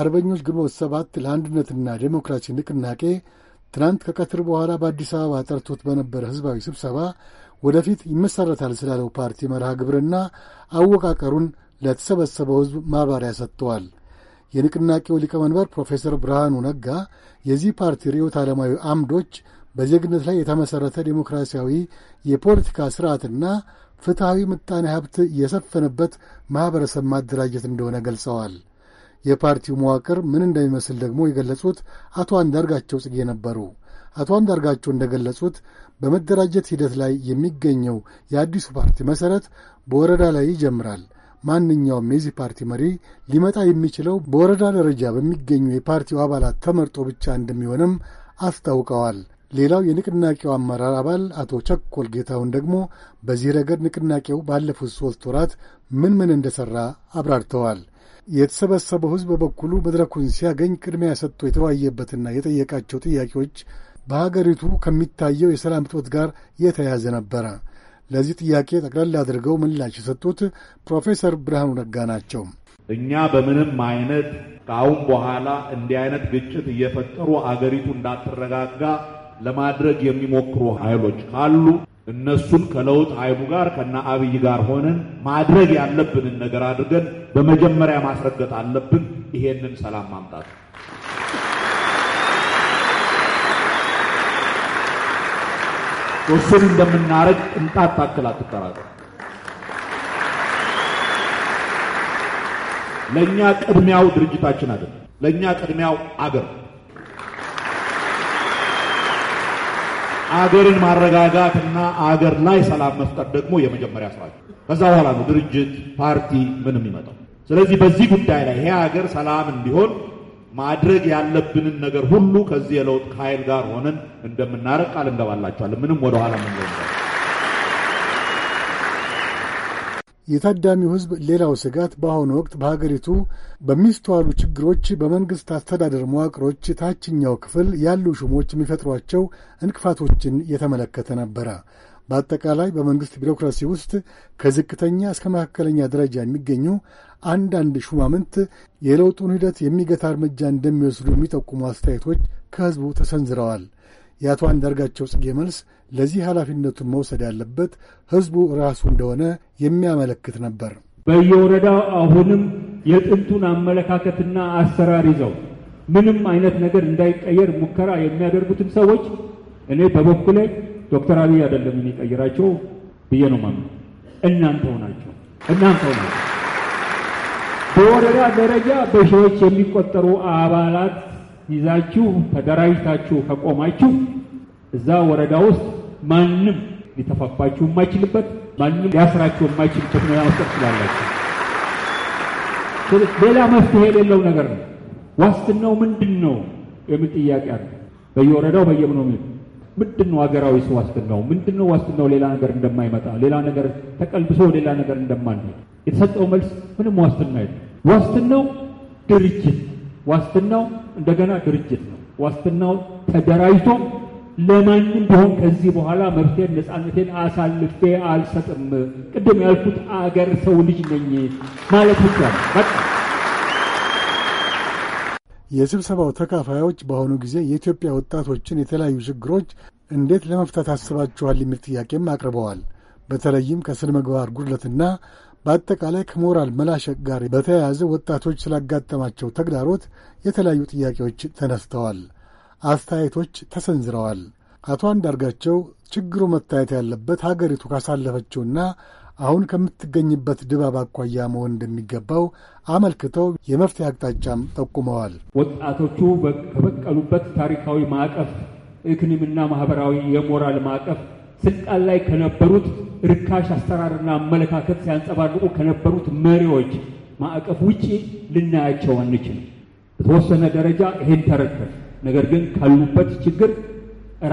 አርበኞች ግንቦት ሰባት ለአንድነትና ዴሞክራሲ ንቅናቄ ትናንት ከቀትር በኋላ በአዲስ አበባ ጠርቶት በነበረ ሕዝባዊ ስብሰባ ወደፊት ይመሰረታል ስላለው ፓርቲ መርሃ ግብርና አወቃቀሩን ለተሰበሰበው ሕዝብ ማብራሪያ ሰጥተዋል። የንቅናቄው ሊቀመንበር ፕሮፌሰር ብርሃኑ ነጋ የዚህ ፓርቲ ርዕዮተ ዓለማዊ አምዶች በዜግነት ላይ የተመሠረተ ዴሞክራሲያዊ የፖለቲካ ሥርዓትና ፍትሐዊ ምጣኔ ሀብት የሰፈነበት ማኅበረሰብ ማደራጀት እንደሆነ ገልጸዋል። የፓርቲው መዋቅር ምን እንደሚመስል ደግሞ የገለጹት አቶ አንዳርጋቸው ጽጌ ነበሩ። አቶ አንዳርጋቸው እንደገለጹት በመደራጀት ሂደት ላይ የሚገኘው የአዲሱ ፓርቲ መሠረት በወረዳ ላይ ይጀምራል። ማንኛውም የዚህ ፓርቲ መሪ ሊመጣ የሚችለው በወረዳ ደረጃ በሚገኙ የፓርቲው አባላት ተመርጦ ብቻ እንደሚሆንም አስታውቀዋል። ሌላው የንቅናቄው አመራር አባል አቶ ቸኮል ጌታሁን ደግሞ በዚህ ረገድ ንቅናቄው ባለፉት ሶስት ወራት ምን ምን እንደሠራ አብራርተዋል። የተሰበሰበው ሕዝብ በበኩሉ መድረኩን ሲያገኝ ቅድሚያ ሰጥቶ የተወያየበትና የጠየቃቸው ጥያቄዎች በሀገሪቱ ከሚታየው የሰላም እጦት ጋር የተያያዘ ነበረ። ለዚህ ጥያቄ ጠቅለል አድርገው ምላሽ የሰጡት ፕሮፌሰር ብርሃኑ ነጋ ናቸው። እኛ በምንም አይነት ከአሁን በኋላ እንዲህ አይነት ግጭት እየፈጠሩ አገሪቱ እንዳትረጋጋ ለማድረግ የሚሞክሩ ኃይሎች ካሉ እነሱን ከለውጥ ኃይሉ ጋር ከና አብይ ጋር ሆነን ማድረግ ያለብንን ነገር አድርገን በመጀመሪያ ማስረገጥ አለብን። ይሄንን ሰላም ማምጣት እሱን እንደምናረግ ቅንጣት ታክል አትጠራጠር። ለእኛ ቅድሚያው ድርጅታችን አይደለም። ለእኛ ቅድሚያው አገር አገርን ማረጋጋትና አገር ላይ ሰላም መፍጠር ደግሞ የመጀመሪያ ስራ። ከዛ በኋላ ነው ድርጅት፣ ፓርቲ ምን ይመጣው። ስለዚህ በዚህ ጉዳይ ላይ ይሄ ሀገር ሰላም እንዲሆን ማድረግ ያለብንን ነገር ሁሉ ከዚህ የለውጥ ኃይል ጋር ሆነን እንደምናረቅ ቃል እንገባላችኋለን። ምንም ወደኋላ ምን የታዳሚው ሕዝብ ሌላው ስጋት በአሁኑ ወቅት በሀገሪቱ በሚስተዋሉ ችግሮች በመንግሥት አስተዳደር መዋቅሮች ታችኛው ክፍል ያሉ ሹሞች የሚፈጥሯቸው እንቅፋቶችን የተመለከተ ነበረ። በአጠቃላይ በመንግሥት ቢሮክራሲ ውስጥ ከዝቅተኛ እስከ መካከለኛ ደረጃ የሚገኙ አንዳንድ ሹማምንት የለውጡን ሂደት የሚገታ እርምጃ እንደሚወስዱ የሚጠቁሙ አስተያየቶች ከሕዝቡ ተሰንዝረዋል። የአቶ አንዳርጋቸው ጽጌ መልስ ለዚህ ኃላፊነቱን መውሰድ ያለበት ህዝቡ ራሱ እንደሆነ የሚያመለክት ነበር። በየወረዳው አሁንም የጥንቱን አመለካከትና አሰራር ይዘው ምንም አይነት ነገር እንዳይቀየር ሙከራ የሚያደርጉትን ሰዎች እኔ በበኩሌ ዶክተር አብይ አይደለም የሚቀይራቸው ብዬ ነው ማምነው። እናንተው ናቸው፣ እናንተው ናቸው። በወረዳ ደረጃ በሺዎች የሚቆጠሩ አባላት ይዛችሁ ተደራጅታችሁ ከቆማችሁ እዛ ወረዳ ውስጥ ማንም ሊተፋፋችሁ የማይችልበት ማንም ሊያስራችሁ የማይችልበት ነው መፍጠር ትችላላችሁ። ሌላ መፍትሄ የሌለው ነገር ነው። ዋስትናው ምንድን ነው የሚል ጥያቄ አለ። በየወረዳው በየምኖ ምንድን ነው ሀገራዊ ስ ዋስትናው ምንድን ነው? ዋስትናው ሌላ ነገር እንደማይመጣ ሌላ ነገር ተቀልብሶ ሌላ ነገር እንደማንሄድ የተሰጠው መልስ ምንም ዋስትና የለም። ዋስትናው ድርጅት ዋስትናው እንደገና ድርጅት ነው። ዋስትናው ተደራጅቶ ለማንም ቢሆን ከዚህ በኋላ መብቴን፣ ነፃነቴን አሳልፌ አልሰጥም፣ ቅድም ያልኩት አገር ሰው ልጅ ነኝ ማለት ብቻ የስብሰባው ተካፋዮች በአሁኑ ጊዜ የኢትዮጵያ ወጣቶችን የተለያዩ ችግሮች እንዴት ለመፍታት አስባችኋል የሚል ጥያቄም አቅርበዋል። በተለይም ከስነ ምግባር ጉድለትና በአጠቃላይ ከሞራል መላሸቅ ጋር በተያያዘ ወጣቶች ስላጋጠማቸው ተግዳሮት የተለያዩ ጥያቄዎች ተነስተዋል፣ አስተያየቶች ተሰንዝረዋል። አቶ አንዳርጋቸው ችግሩ መታየት ያለበት ሀገሪቱ ካሳለፈችውና አሁን ከምትገኝበት ድባብ አኳያ መሆን እንደሚገባው አመልክተው የመፍትሄ አቅጣጫም ጠቁመዋል። ወጣቶቹ ከበቀሉበት ታሪካዊ ማዕቀፍ ኢኮኖሚና ማህበራዊ የሞራል ማዕቀፍ ስልጣን ላይ ከነበሩት ርካሽ አሰራርና አመለካከት ሲያንጸባርቁ ከነበሩት መሪዎች ማዕቀፍ ውጪ ልናያቸው አንችልም። በተወሰነ ደረጃ ይሄን ተረድተን ነገር ግን ካሉበት ችግር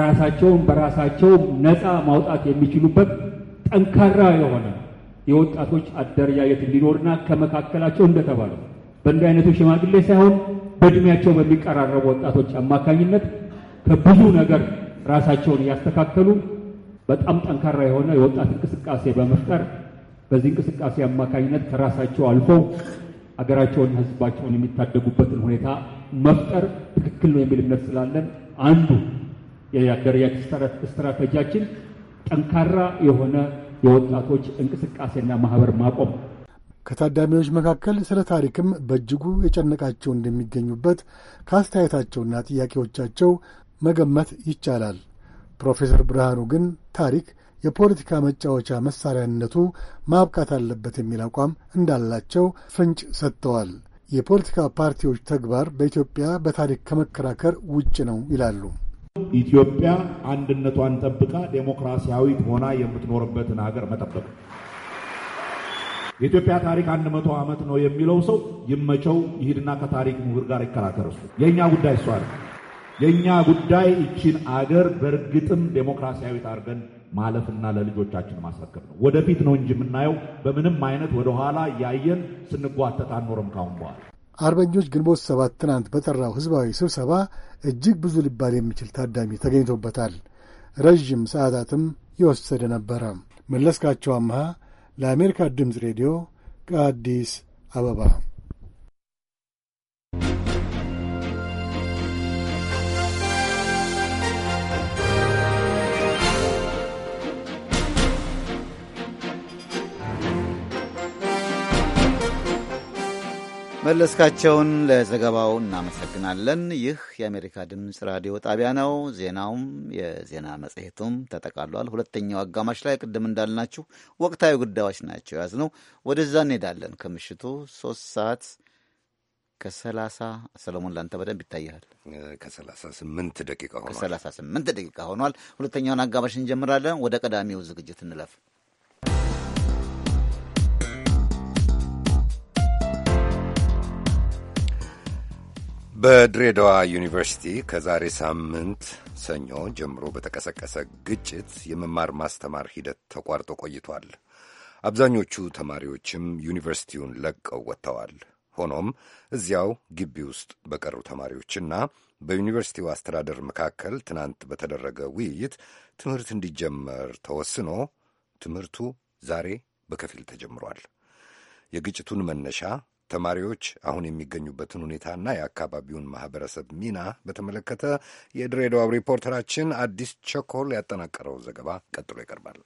ራሳቸውን በራሳቸው ነፃ ማውጣት የሚችሉበት ጠንካራ የሆነ የወጣቶች አደረጃጀት እንዲኖርና ከመካከላቸው እንደተባለው በእንዲህ አይነቱ ሽማግሌ ሳይሆን በእድሜያቸው በሚቀራረቡ ወጣቶች አማካኝነት ከብዙ ነገር ራሳቸውን እያስተካከሉ በጣም ጠንካራ የሆነ የወጣት እንቅስቃሴ በመፍጠር በዚህ እንቅስቃሴ አማካኝነት ከራሳቸው አልፎ አገራቸውን፣ ህዝባቸውን የሚታደጉበትን ሁኔታ መፍጠር ትክክል ነው የሚል እምነት ስላለን አንዱ የአደረጃጀት ስትራቴጂያችን ጠንካራ የሆነ የወጣቶች እንቅስቃሴና ማህበር ማቆም። ከታዳሚዎች መካከል ስለ ታሪክም በእጅጉ የጨነቃቸው እንደሚገኙበት ከአስተያየታቸውና ጥያቄዎቻቸው መገመት ይቻላል። ፕሮፌሰር ብርሃኑ ግን ታሪክ የፖለቲካ መጫወቻ መሳሪያነቱ ማብቃት አለበት የሚል አቋም እንዳላቸው ፍንጭ ሰጥተዋል። የፖለቲካ ፓርቲዎች ተግባር በኢትዮጵያ በታሪክ ከመከራከር ውጭ ነው ይላሉ። ኢትዮጵያ አንድነቷን ጠብቃ ዴሞክራሲያዊት ሆና የምትኖርበትን ሀገር መጠበቅ። የኢትዮጵያ ታሪክ አንድ መቶ ዓመት ነው የሚለው ሰው ይመቸው፣ ይሂድና ከታሪክ ምሁር ጋር ይከራከር። እሱ የእኛ ጉዳይ እሷ የእኛ ጉዳይ ይችን አገር በእርግጥም ዴሞክራሲያዊት አድርገን ማለፍና ለልጆቻችን ማስረከብ ነው። ወደፊት ነው እንጂ የምናየው በምንም አይነት ወደኋላ እያየን ስንጓተት አኖርም ካሁን በኋላ አርበኞች ግንቦት ሰባት ትናንት በጠራው ህዝባዊ ስብሰባ እጅግ ብዙ ሊባል የሚችል ታዳሚ ተገኝቶበታል። ረዥም ሰዓታትም የወሰደ ነበረ። መለስካቸው አምሃ ለአሜሪካ ድምፅ ሬዲዮ ከአዲስ አበባ መለስካቸውን ለዘገባው እናመሰግናለን። ይህ የአሜሪካ ድምፅ ራዲዮ ጣቢያ ነው። ዜናውም የዜና መጽሔቱም ተጠቃሏል። ሁለተኛው አጋማሽ ላይ ቅድም እንዳልናችሁ ወቅታዊ ጉዳዮች ናቸው የያዝነው። ወደዛ እንሄዳለን። ከምሽቱ ሶስት ሰዓት ከሰላሳ ሰለሞን ላንተ በደንብ ይታያል። ከሰላሳ ስምንት ደቂቃ ሆኗል። ሁለተኛውን አጋማሽ እንጀምራለን። ወደ ቀዳሚው ዝግጅት እንለፍ። በድሬዳዋ ዩኒቨርሲቲ ከዛሬ ሳምንት ሰኞ ጀምሮ በተቀሰቀሰ ግጭት የመማር ማስተማር ሂደት ተቋርጦ ቆይቷል። አብዛኞቹ ተማሪዎችም ዩኒቨርሲቲውን ለቀው ወጥተዋል። ሆኖም እዚያው ግቢ ውስጥ በቀሩ ተማሪዎችና በዩኒቨርሲቲው አስተዳደር መካከል ትናንት በተደረገ ውይይት ትምህርት እንዲጀመር ተወስኖ ትምህርቱ ዛሬ በከፊል ተጀምሯል። የግጭቱን መነሻ ተማሪዎች አሁን የሚገኙበትን ሁኔታና የአካባቢውን ማህበረሰብ ሚና በተመለከተ የድሬዳዋ ሪፖርተራችን አዲስ ቸኮል ያጠናቀረው ዘገባ ቀጥሎ ይቀርባል።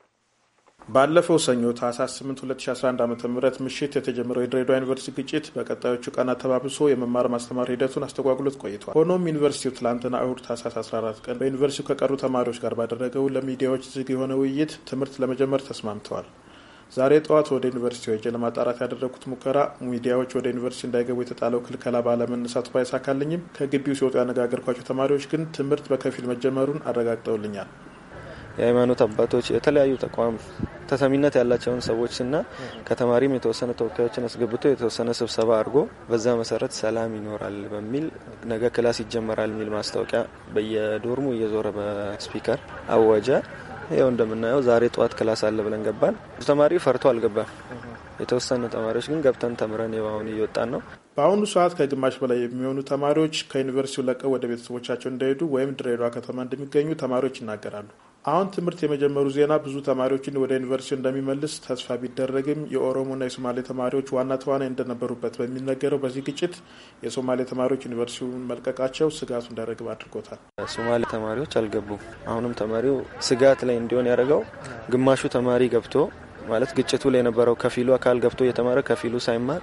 ባለፈው ሰኞ ታህሳስ 8 2011 ዓ ም ምሽት የተጀመረው የድሬዳዋ ዩኒቨርሲቲ ግጭት በቀጣዮቹ ቀናት ተባብሶ የመማር ማስተማር ሂደቱን አስተጓጉሎት ቆይቷል። ሆኖም ዩኒቨርሲቲው ትላንትና እሁድ ታህሳስ 14 ቀን በዩኒቨርሲቲው ከቀሩ ተማሪዎች ጋር ባደረገው ለሚዲያዎች ዝግ የሆነ ውይይት ትምህርት ለመጀመር ተስማምተዋል። ዛሬ ጠዋት ወደ ዩኒቨርሲቲዎች ለማጣራት ያደረጉት ሙከራ ሚዲያዎች ወደ ዩኒቨርሲቲ እንዳይገቡ የተጣለው ክልከላ ባለመነሳቱ ባይሳካልኝም ከግቢው ሲወጡ ያነጋገርኳቸው ተማሪዎች ግን ትምህርት በከፊል መጀመሩን አረጋግጠውልኛል። የሃይማኖት አባቶች፣ የተለያዩ ተቋም ተሰሚነት ያላቸውን ሰዎች ና ከተማሪም የተወሰነ ተወካዮችን አስገብቶ የተወሰነ ስብሰባ አድርጎ በዛ መሰረት ሰላም ይኖራል በሚል ነገ ክላስ ይጀመራል የሚል ማስታወቂያ በየዶርሙ እየዞረ በስፒከር አወጀ። ይኸው እንደምናየው ዛሬ ጠዋት ክላስ አለ ብለን ገባን። ተማሪ ፈርቶ አልገባም። የተወሰኑ ተማሪዎች ግን ገብተን ተምረን አሁን እየወጣን ነው። በአሁኑ ሰዓት ከግማሽ በላይ የሚሆኑ ተማሪዎች ከዩኒቨርሲቲው ለቀው ወደ ቤተሰቦቻቸው እንደሄዱ ወይም ድሬዳዋ ከተማ እንደሚገኙ ተማሪዎች ይናገራሉ። አሁን ትምህርት የመጀመሩ ዜና ብዙ ተማሪዎችን ወደ ዩኒቨርሲቲው እንደሚመልስ ተስፋ ቢደረግም የኦሮሞና የሶማሌ ተማሪዎች ዋና ተዋናይ እንደነበሩበት በሚነገረው በዚህ ግጭት የሶማሌ ተማሪዎች ዩኒቨርሲቲውን መልቀቃቸው ስጋቱ እንዳይረግብ አድርጎታል። ሶማሌ ተማሪዎች አልገቡም። አሁንም ተማሪው ስጋት ላይ እንዲሆን ያደረገው ግማሹ ተማሪ ገብቶ ማለት ግጭቱ ላይ የነበረው ከፊሉ አካል ገብቶ እየተማረ ከፊሉ ሳይማር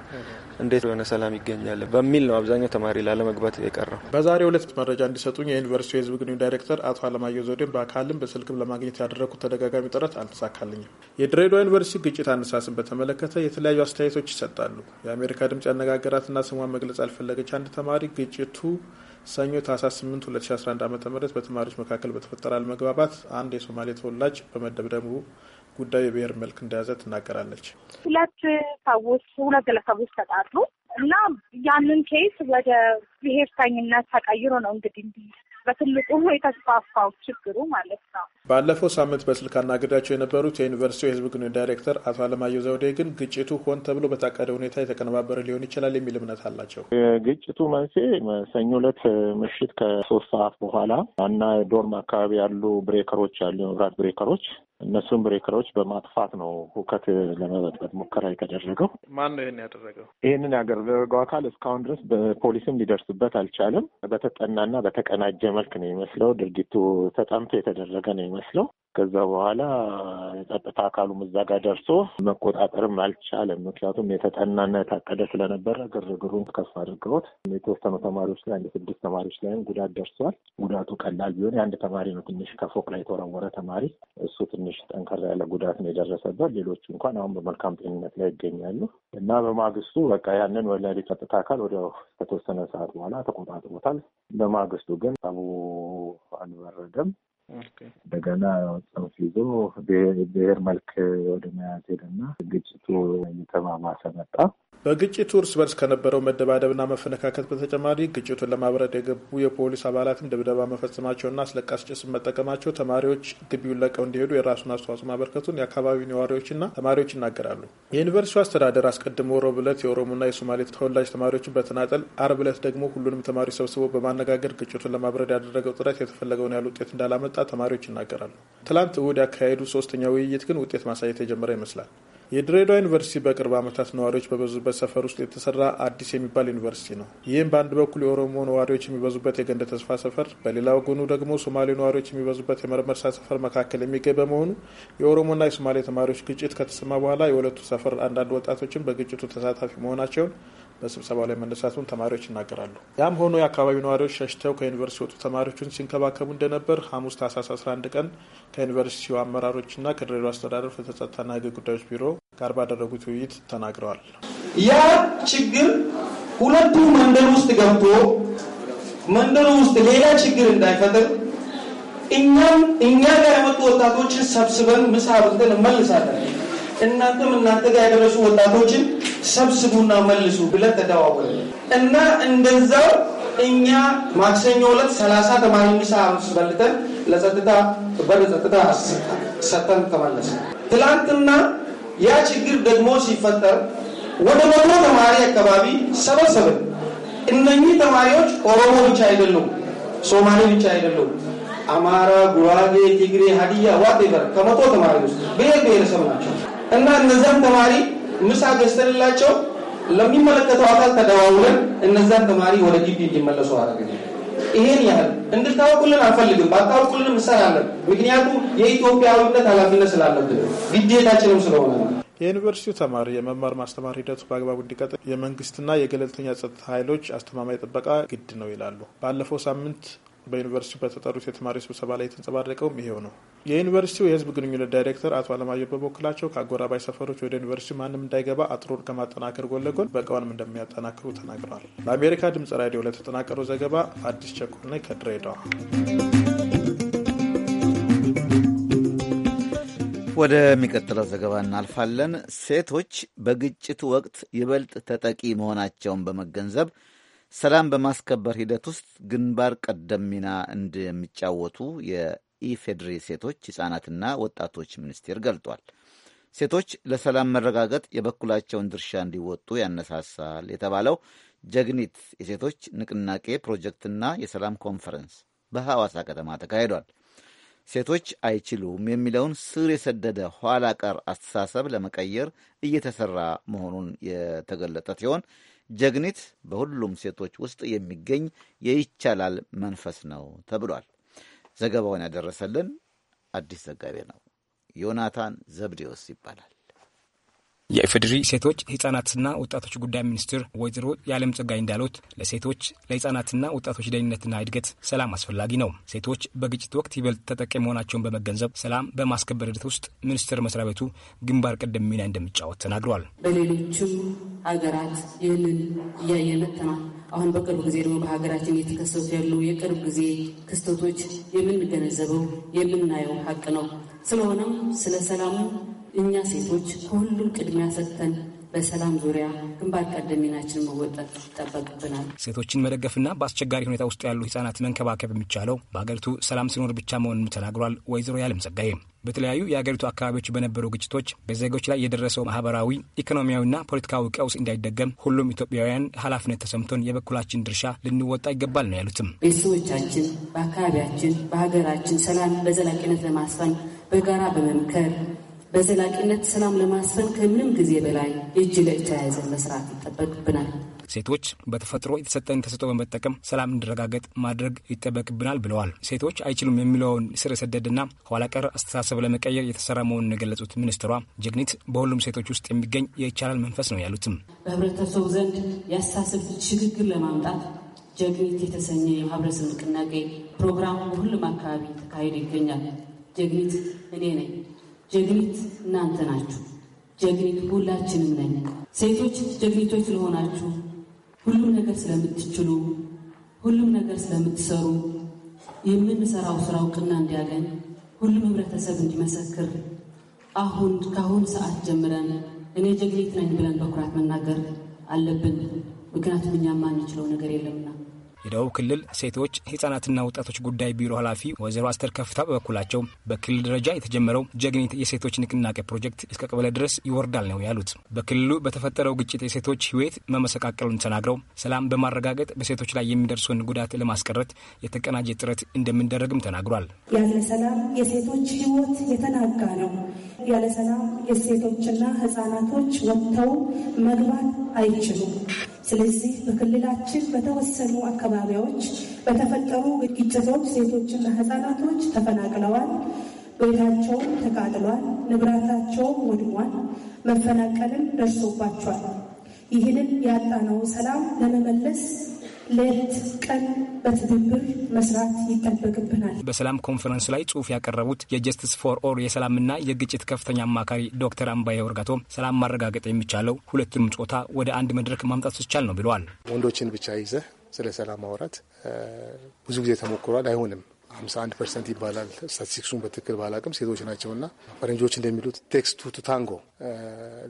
እንዴት የሆነ ሰላም ይገኛል በሚል ነው አብዛኛው ተማሪ ላለመግባት የቀረው። በዛሬ ሁለት መረጃ እንዲሰጡኝ የዩኒቨርሲቲ የህዝብ ግንኙነት ዳይሬክተር አቶ አለማየሁ ዘውዴን በአካልም በስልክም ለማግኘት ያደረግኩት ተደጋጋሚ ጥረት አልተሳካልኝም። የድሬዳዋ ዩኒቨርሲቲ ግጭት አነሳስን በተመለከተ የተለያዩ አስተያየቶች ይሰጣሉ። የአሜሪካ ድምጽ ያነጋገራትና ስሟን መግለጽ ያልፈለገች አንድ ተማሪ ግጭቱ ሰኞ ታህሳስ 8 2011 ዓ ም በተማሪዎች መካከል በተፈጠረ አለመግባባት አንድ የሶማሌ ተወላጅ በመደብደቡ ጉዳዩ የብሔር መልክ እንደያዘ ትናገራለች። ሁለት ሰዎች ሁለት ግለሰቦች ተጣሉ እና ያንን ኬስ ወደ ብሔርተኝነት ተቀይሮ ነው እንግዲህ በትልቁ የተስፋፋው ችግሩ ማለት ነው። ባለፈው ሳምንት በስልክ አናግዳቸው የነበሩት የዩኒቨርሲቲው የሕዝብ ግንኙነት ዳይሬክተር አቶ አለማየሁ ዘውዴ ግን ግጭቱ ሆን ተብሎ በታቀደ ሁኔታ የተቀነባበረ ሊሆን ይችላል የሚል እምነት አላቸው። የግጭቱ መንስኤ ሰኞ ዕለት ምሽት ከሶስት ሰዓት በኋላ እና ዶርም አካባቢ ያሉ ብሬከሮች ያሉ የመብራት ብሬከሮች እነሱን ብሬከሮች በማጥፋት ነው ሁከት ለመበጥበጥ ሙከራ የተደረገው። ማን ነው ይህን ያደረገው? ይህንን ያደረገው አካል እስካሁን ድረስ በፖሊስም ሊደርስበት አልቻለም። በተጠናና በተቀናጀ መልክ ነው የሚመስለው ድርጊቱ ተጠምቶ የተደረገ ነው የሚመስለው። ከዛ በኋላ የጸጥታ አካሉም እዛ ጋር ደርሶ መቆጣጠርም አልቻለም። ምክንያቱም የተጠናና የታቀደ ስለነበረ ግርግሩን ከፍ አድርገውት የተወሰኑ ተማሪዎች ላይ አንድ ስድስት ተማሪዎች ላይም ጉዳት ደርሷል። ጉዳቱ ቀላል ቢሆን የአንድ ተማሪ ነው። ትንሽ ከፎቅ ላይ የተወረወረ ተማሪ እሱ ትንሽ ጠንከር ያለ ጉዳት ነው የደረሰበት። ሌሎቹ እንኳን አሁን በመልካም ጤንነት ላይ ይገኛሉ እና በማግስቱ በቃ ያንን ወላድ የጸጥታ አካል ወዲያው ከተወሰነ ሰዓት በኋላ ተቆጣጥሮታል። በማግስቱ ግን አቡ አልበረደም። መልክ እንደገና ጽንፍ ይዞ ብሔር መልክ ወደ መያዝ ሄደና ግጭቱ እየተባባሰ መጣ። በግጭቱ እርስ በርስ ከነበረው መደባደብና መፈነካከት በተጨማሪ ግጭቱን ለማብረድ የገቡ የፖሊስ አባላትን ድብደባ መፈጸማቸውና አስለቃሽ ጭስ መጠቀማቸው ተማሪዎች ግቢውን ለቀው እንዲሄዱ የራሱን አስተዋጽኦ ማበርከቱን የአካባቢው ነዋሪዎችና ተማሪዎች ይናገራሉ። የዩኒቨርሲቲው አስተዳደር አስቀድሞ ሮብ ዕለት የኦሮሞና የሶማሌ ተወላጅ ተማሪዎችን በተናጠል፣ አርብ ዕለት ደግሞ ሁሉንም ተማሪ ሰብስቦ በማነጋገር ግጭቱን ለማብረድ ያደረገው ጥረት የተፈለገውን ያህል ውጤት እንዳላመጣ ተማሪዎች ይናገራሉ። ትላንት እሁድ ያካሄዱ ሶስተኛ ውይይት ግን ውጤት ማሳየት የጀመረ ይመስላል። የድሬዳዋ ዩኒቨርሲቲ በቅርብ ዓመታት ነዋሪዎች በበዙበት ሰፈር ውስጥ የተሰራ አዲስ የሚባል ዩኒቨርሲቲ ነው። ይህም በአንድ በኩል የኦሮሞ ነዋሪዎች የሚበዙበት የገንደ ተስፋ ሰፈር፣ በሌላ ጎኑ ደግሞ ሶማሌ ነዋሪዎች የሚበዙበት የመርመርሳ ሰፈር መካከል የሚገኝ በመሆኑ የኦሮሞና የሶማሌ ተማሪዎች ግጭት ከተሰማ በኋላ የሁለቱ ሰፈር አንዳንድ ወጣቶችን በግጭቱ ተሳታፊ መሆናቸውን በስብሰባው ላይ መነሳቱን ተማሪዎች ይናገራሉ። ያም ሆኖ የአካባቢው ነዋሪዎች ሸሽተው ከዩኒቨርሲቲ ወጡ ተማሪዎቹን ሲንከባከቡ እንደነበር ሐሙስ ታህሳስ 11 ቀን ከዩኒቨርሲቲው አመራሮችና ከድሬዳዋ አስተዳደር ፍትህ ጸጥታና ህግ ጉዳዮች ቢሮ ጋር ባደረጉት ውይይት ተናግረዋል። ያ ችግር ሁለቱ መንደር ውስጥ ገብቶ መንደሩ ውስጥ ሌላ ችግር እንዳይፈጥር እኛም እኛ ጋር የመጡ ወጣቶችን ሰብስበን ምሳ ብልተን እንመልሳለን። እናንተም እናንተ ጋር ያደረሱ ወጣቶችን ሰብስቡና መልሱ ብለን ተደዋወለ እና እንደዛው እኛ ማክሰኞ ዕለት ሰላሳ ተማሪ ምሳ በልተን ለጸጥታ በር ጸጥታ ሰጠን ተመለሰ። ትላንትና ያ ችግር ደግሞ ሲፈጠር ወደ መቶ ተማሪ አካባቢ ሰበሰብን። እነኚህ ተማሪዎች ኦሮሞ ብቻ አይደሉም፣ ሶማሌ ብቻ አይደሉም። አማራ፣ ጉራጌ፣ ትግሬ፣ ሀዲያ ዋቴቨር ከመቶ ተማሪ ውስጥ ብሔር ብሔረሰብ ናቸው። እና እነዛን ተማሪ ምሳ ገዝተንላቸው ለሚመለከተው አካል ተደዋውለን እነዛን ተማሪ ወደ ግቢ እንዲመለሱ አደረግን። ይሄን ያህል እንድታወቁልን አንፈልግም። ባታወቁልን እንሰራለን። ምክንያቱም የኢትዮጵያዊነት ኃላፊነት ስላለብን ግዴታችንም ስለሆነ ነው። የዩኒቨርሲቲው ተማሪ የመማር ማስተማር ሂደቱ በአግባቡ እንዲቀጥል የመንግስትና የገለልተኛ ጸጥታ ኃይሎች አስተማማኝ ጥበቃ ግድ ነው ይላሉ። ባለፈው ሳምንት በዩኒቨርሲቲው በተጠሩት የተማሪ ስብሰባ ላይ የተንጸባረቀውም ይሄው ነው። የዩኒቨርሲቲው የህዝብ ግንኙነት ዳይሬክተር አቶ አለማየሁ በበኩላቸው ከአጎራባይ ሰፈሮች ወደ ዩኒቨርሲቲው ማንም እንዳይገባ አጥሩን ከማጠናከር ጎን ለጎን በቀዋንም እንደሚያጠናክሩ ተናግረዋል። ለአሜሪካ ድምጽ ራዲዮ ለተጠናቀረው ዘገባ አዲስ ቸኮል ነኝ ከድሬዳዋ። ወደሚቀጥለው ዘገባ እናልፋለን። ሴቶች በግጭት ወቅት ይበልጥ ተጠቂ መሆናቸውን በመገንዘብ ሰላም በማስከበር ሂደት ውስጥ ግንባር ቀደም ሚና እንደሚጫወቱ የኢፌዴሪ ሴቶች ሕፃናትና ወጣቶች ሚኒስቴር ገልጧል። ሴቶች ለሰላም መረጋገጥ የበኩላቸውን ድርሻ እንዲወጡ ያነሳሳል የተባለው ጀግኒት የሴቶች ንቅናቄ ፕሮጀክትና የሰላም ኮንፈረንስ በሐዋሳ ከተማ ተካሂዷል። ሴቶች አይችሉም የሚለውን ስር የሰደደ ኋላ ቀር አስተሳሰብ ለመቀየር እየተሰራ መሆኑን የተገለጠ ሲሆን ጀግኒት በሁሉም ሴቶች ውስጥ የሚገኝ የይቻላል መንፈስ ነው ተብሏል። ዘገባውን ያደረሰልን አዲስ ዘጋቢ ነው፣ ዮናታን ዘብዴዎስ ይባላል። የኢፌዴሪ ሴቶች ህጻናትና ወጣቶች ጉዳይ ሚኒስትር ወይዘሮ የዓለም ጸጋይ እንዳሉት ለሴቶች ለህጻናትና ወጣቶች ደህንነትና እድገት ሰላም አስፈላጊ ነው። ሴቶች በግጭት ወቅት ይበልጥ ተጠቂ መሆናቸውን በመገንዘብ ሰላም በማስከበር ሂደት ውስጥ ሚኒስቴር መስሪያ ቤቱ ግንባር ቀደም ሚና እንደሚጫወት ተናግሯል። በሌሎችም ሀገራት ይህንን እያየ መጥተናል። አሁን በቅርብ ጊዜ ደግሞ በሀገራችን እየተከሰቱ ያሉ የቅርብ ጊዜ ክስተቶች የምንገነዘበው የምናየው ሀቅ ነው። ስለሆነም ስለ ሰላሙ እኛ ሴቶች ከሁሉም ቅድሚያ ሰጥተን በሰላም ዙሪያ ግንባር ቀደሚናችን መወጣት ይጠበቅብናል። ሴቶችን መደገፍና በአስቸጋሪ ሁኔታ ውስጥ ያሉ ህጻናት መንከባከብ የሚቻለው በሀገሪቱ ሰላም ሲኖር ብቻ መሆኑን ተናግሯል ወይዘሮ ያለም ጸጋዬ። በተለያዩ የአገሪቱ አካባቢዎች በነበሩ ግጭቶች በዜጎች ላይ የደረሰው ማህበራዊ ኢኮኖሚያዊና ፖለቲካዊ ቀውስ እንዳይደገም ሁሉም ኢትዮጵያውያን ኃላፊነት ተሰምቶን የበኩላችን ድርሻ ልንወጣ ይገባል ነው ያሉትም። ቤተሰቦቻችን፣ በአካባቢያችን፣ በሀገራችን ሰላም በዘላቂነት ለማስፈን በጋራ በመምከር በዘላቂነት ሰላም ለማስፈን ከምንም ጊዜ በላይ እጅ ለእጅ ተያይዘን መስራት ይጠበቅብናል። ሴቶች በተፈጥሮ የተሰጠን ተሰጥኦ በመጠቀም ሰላም እንዲረጋገጥ ማድረግ ይጠበቅብናል ብለዋል። ሴቶች አይችሉም የሚለውን ስር የሰደድና ኋላ ቀር አስተሳሰብ ለመቀየር የተሰራ መሆኑን የገለጹት ሚኒስትሯ ጀግኒት በሁሉም ሴቶች ውስጥ የሚገኝ የይቻላል መንፈስ ነው ያሉትም በህብረተሰቡ ዘንድ የአስተሳሰብ ሽግግር ለማምጣት ጀግኒት የተሰኘ የማህበረሰብ ንቅናቄ ፕሮግራም በሁሉም አካባቢ ተካሂዶ ይገኛል። ጀግኒት እኔ ነኝ ጀግኒት እናንተ ናችሁ። ጀግኒት ሁላችንም ነን። ሴቶች ጀግኒቶች ስለሆናችሁ፣ ሁሉም ነገር ስለምትችሉ፣ ሁሉም ነገር ስለምትሰሩ፣ የምንሰራው ስራ እውቅና እንዲያገኝ ሁሉም ህብረተሰብ እንዲመሰክር አሁን ከአሁን ሰዓት ጀምረን እኔ ጀግኒት ነኝ ብለን በኩራት መናገር አለብን። ምክንያቱም እኛ የማንችለው ነገር የለምና። የደቡብ ክልል ሴቶች ህጻናትና ወጣቶች ጉዳይ ቢሮ ኃላፊ ወይዘሮ አስተር ከፍታ በበኩላቸው በክልል ደረጃ የተጀመረው ጀግኒት የሴቶች ንቅናቄ ፕሮጀክት እስከ ቀበሌ ድረስ ይወርዳል ነው ያሉት። በክልሉ በተፈጠረው ግጭት የሴቶች ህይወት መመሰቃቀሉን ተናግረው ሰላም በማረጋገጥ በሴቶች ላይ የሚደርሰውን ጉዳት ለማስቀረት የተቀናጀ ጥረት እንደምንደረግም ተናግሯል። ያለ ሰላም የሴቶች ህይወት የተናጋ ነው። ያለ ሰላም የሴቶችና ህጻናቶች ወጥተው መግባት አይችሉም። ስለዚህ በክልላችን በተወሰኑ አካባቢዎች በተፈጠሩ ግጭቶች ሴቶችና ህፃናቶች ተፈናቅለዋል። ቤታቸውም ተቃጥሏል፣ ንብረታቸውም ወድሟል፣ መፈናቀልም ደርሶባቸዋል። ይህንን ያጣነው ሰላም ለመመለስ ሌት ቀን በትብብር መስራት ይጠበቅብናል። በሰላም ኮንፈረንስ ላይ ጽሁፍ ያቀረቡት የጀስትስ ፎር ኦል የሰላምና የግጭት ከፍተኛ አማካሪ ዶክተር አምባዬ ወርጋቶ ሰላም ማረጋገጥ የሚቻለው ሁለቱንም ጾታ ወደ አንድ መድረክ ማምጣት ሲቻል ነው ብለዋል። ወንዶችን ብቻ ይዘህ ስለ ሰላም ማውራት ብዙ ጊዜ ተሞክሯል፣ አይሆንም። 51 ፐርሰንት ይባላል ስታቲስቲክሱን በትክክል ባላቅም ሴቶች ናቸውና ፈረንጆች እንደሚሉት ቴክስቱ ቱ ታንጎ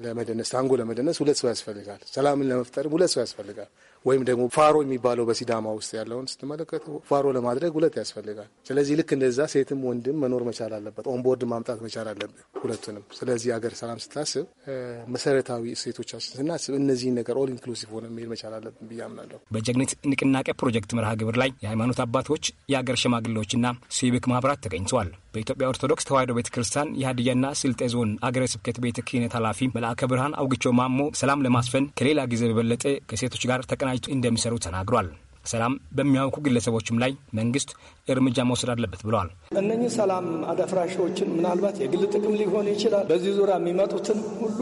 ለመደነስ ታንጎ ለመደነስ ሁለት ሰው ያስፈልጋል። ሰላምን ለመፍጠርም ሁለት ሰው ያስፈልጋል። ወይም ደግሞ ፋሮ የሚባለው በሲዳማ ውስጥ ያለውን ስትመለከቱ ፋሮ ለማድረግ ሁለት ያስፈልጋል። ስለዚህ ልክ እንደዛ ሴትም ወንድም መኖር መቻል አለበት። ኦንቦርድ ማምጣት መቻል አለብን ሁለቱንም። ስለዚህ ሀገር ሰላም ስታስብ መሰረታዊ እሴቶቻችን ስናስብ እነዚህን ነገር ኦል ኢንክሉሲቭ ሆነ መሄድ መቻል አለብን ብዬ አምናለሁ። በጀግኒት ንቅናቄ ፕሮጀክት መርሃ ግብር ላይ የሃይማኖት አባቶች፣ የአገር ሽማግሌዎችና ሲቪክ ማህበራት ተገኝተዋል። በኢትዮጵያ ኦርቶዶክስ ተዋሕዶ ቤተ ክርስቲያን የሀዲያና ስልጤ ዞን አገረ ስብከት ቤተ ክህነት ኃላፊ መልአከ ብርሃን አውግቸው ማሞ ሰላም ለማስፈን ከሌላ ጊዜ በበለጠ ከሴቶች ጋር ተቀና ተቀናጅቶ እንደሚሰሩ ተናግሯል። ሰላም በሚያውኩ ግለሰቦችም ላይ መንግስት እርምጃ መውሰድ አለበት ብለዋል። እነኚህ ሰላም አዳፍራሾችን ምናልባት የግል ጥቅም ሊሆን ይችላል። በዚህ ዙሪያ የሚመጡትን ሁሉ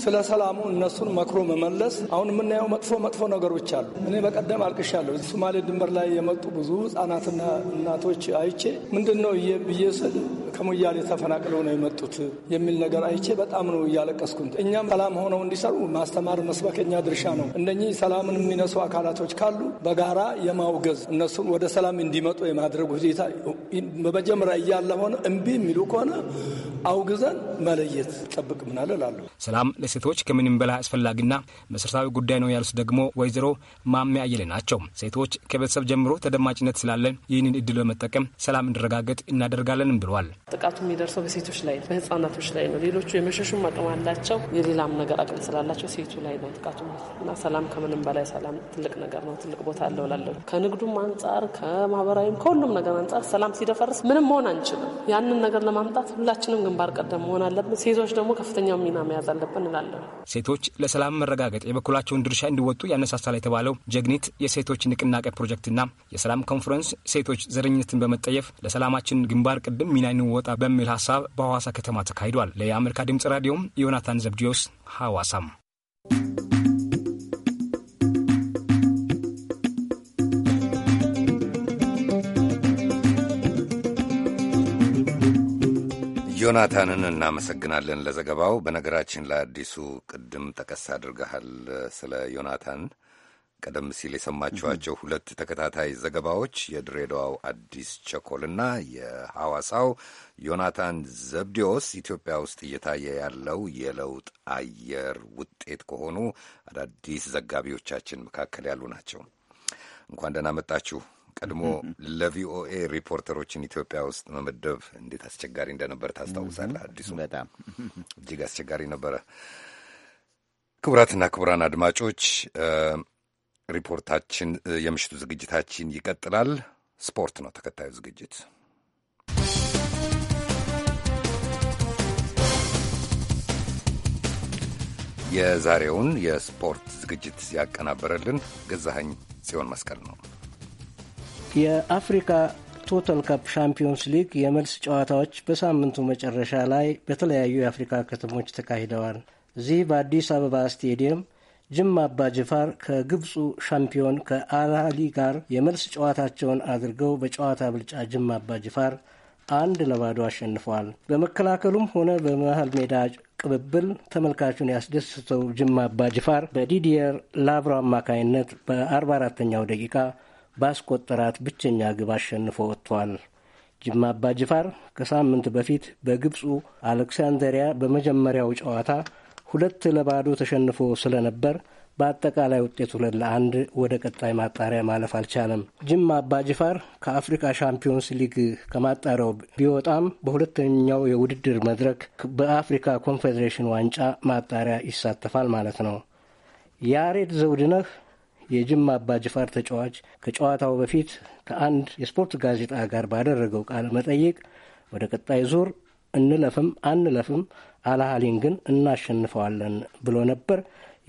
ስለ ሰላሙ እነሱን መክሮ መመለስ። አሁን የምናየው መጥፎ መጥፎ ነገሮች አሉ። እኔ በቀደም አልቅሻለሁ። ሶማሌ ድንበር ላይ የመጡ ብዙ ህጻናትና እናቶች አይቼ ምንድን ነው ብዬ ስል ከሞያሌ ተፈናቅለው ነው የመጡት የሚል ነገር አይቼ በጣም ነው እያለቀስኩት። እኛም ሰላም ሆነው እንዲሰሩ ማስተማር መስበከኛ ድርሻ ነው። እነኚህ ሰላምን የሚነሱ አካላቶች ካሉ በጋራ የማውገዝ እነሱን ወደ ሰላም እንዲመጡ የማድረግ ሁኔታ መጀመሪያ እያለ ሆነ እምቢ የሚሉ ከሆነ አውግዘን መለየት ጠብቅ ምናለ ሰላም ለሴቶች ከምንም በላይ አስፈላጊና መሰረታዊ ጉዳይ ነው ያሉት ደግሞ ወይዘሮ ማሚያ አየለ ናቸው። ሴቶች ከቤተሰብ ጀምሮ ተደማጭነት ስላለን ይህንን እድል በመጠቀም ሰላም እንዲረጋገጥ እናደርጋለንም ብለዋል። ጥቃቱ የሚደርሰው በሴቶች ላይ በህጻናቶች ላይ ነው። ሌሎቹ የመሸሹም አቅም አላቸው። የሌላም ነገር አቅም ስላላቸው ሴቱ ላይ ነው ጥቃቱ እና ሰላም ከምንም በላይ ሰላም ትልቅ ነገር ነው። ትልቅ ቦታ አለው ላለው ከንግዱም አንጻር ከማህበራዊም ከሁሉም ነገር አንጻር ሰላም ሲደፈርስ ምንም መሆን አንችልም። ያንን ነገር ለማምጣት ሁላችንም ግንባር ቀደም መሆን አለብን። ሴቶች ደግሞ ከፍተኛው ሚና መያዝ አለብን። አምናለሁ። ሴቶች ለሰላም መረጋገጥ የበኩላቸውን ድርሻ እንዲወጡ ያነሳሳል የተባለው ጀግኒት የሴቶች ንቅናቄ ፕሮጀክትና የሰላም ኮንፈረንስ ሴቶች ዘረኝነትን በመጠየፍ ለሰላማችን ግንባር ቅድም ሚና እንወጣ በሚል ሀሳብ በሐዋሳ ከተማ ተካሂዷል። ለአሜሪካ ድምጽ ራዲዮም ዮናታን ዘብዲዮስ ሐዋሳም ዮናታንን እናመሰግናለን ለዘገባው። በነገራችን ላይ አዲሱ ቅድም ጠቀስ አድርገሃል ስለ ዮናታን ቀደም ሲል የሰማችኋቸው ሁለት ተከታታይ ዘገባዎች የድሬዳዋው አዲስ ቸኮልና የሐዋሳው ዮናታን ዘብዴዎስ ኢትዮጵያ ውስጥ እየታየ ያለው የለውጥ አየር ውጤት ከሆኑ አዳዲስ ዘጋቢዎቻችን መካከል ያሉ ናቸው። እንኳን ደህና መጣችሁ። ቀድሞ ለቪኦኤ ሪፖርተሮችን ኢትዮጵያ ውስጥ መመደብ እንዴት አስቸጋሪ እንደነበር ታስታውሳለህ? አዲሱ በጣም እጅግ አስቸጋሪ ነበረ። ክቡራትና ክቡራን አድማጮች ሪፖርታችን የምሽቱ ዝግጅታችን ይቀጥላል። ስፖርት ነው ተከታዩ ዝግጅት። የዛሬውን የስፖርት ዝግጅት ያቀናበረልን ገዛኸኝ ጽዮን መስቀል ነው። የአፍሪካ ቶታል ካፕ ሻምፒዮንስ ሊግ የመልስ ጨዋታዎች በሳምንቱ መጨረሻ ላይ በተለያዩ የአፍሪካ ከተሞች ተካሂደዋል። እዚህ በአዲስ አበባ ስቴዲየም ጅማ አባ ጅፋር ከግብፁ ሻምፒዮን ከአልአህሊ ጋር የመልስ ጨዋታቸውን አድርገው በጨዋታ ብልጫ ጅማ አባ ጅፋር አንድ ለባዶ አሸንፈዋል። በመከላከሉም ሆነ በመሃል ሜዳ ቅብብል ተመልካቹን ያስደስተው ጅማ አባ ጅፋር በዲዲየር ላብሮ አማካይነት በ 44 ኛው ደቂቃ ባስቆጠራት ብቸኛ ግብ አሸንፎ ወጥቷል። ጅማ አባ ጅፋር ከሳምንት በፊት በግብፁ አሌክሳንደሪያ በመጀመሪያው ጨዋታ ሁለት ለባዶ ተሸንፎ ስለነበር በአጠቃላይ ውጤት ሁለት ለአንድ ወደ ቀጣይ ማጣሪያ ማለፍ አልቻለም። ጅማ አባ ጅፋር ከአፍሪካ ሻምፒዮንስ ሊግ ከማጣሪያው ቢወጣም በሁለተኛው የውድድር መድረክ በአፍሪካ ኮንፌዴሬሽን ዋንጫ ማጣሪያ ይሳተፋል ማለት ነው። ያሬድ ዘውድነህ የጅማ አባ ጅፋር ተጫዋች ከጨዋታው በፊት ከአንድ የስፖርት ጋዜጣ ጋር ባደረገው ቃለ መጠይቅ ወደ ቀጣይ ዙር እንለፍም አንለፍም አልሃሊን ግን እናሸንፈዋለን ብሎ ነበር።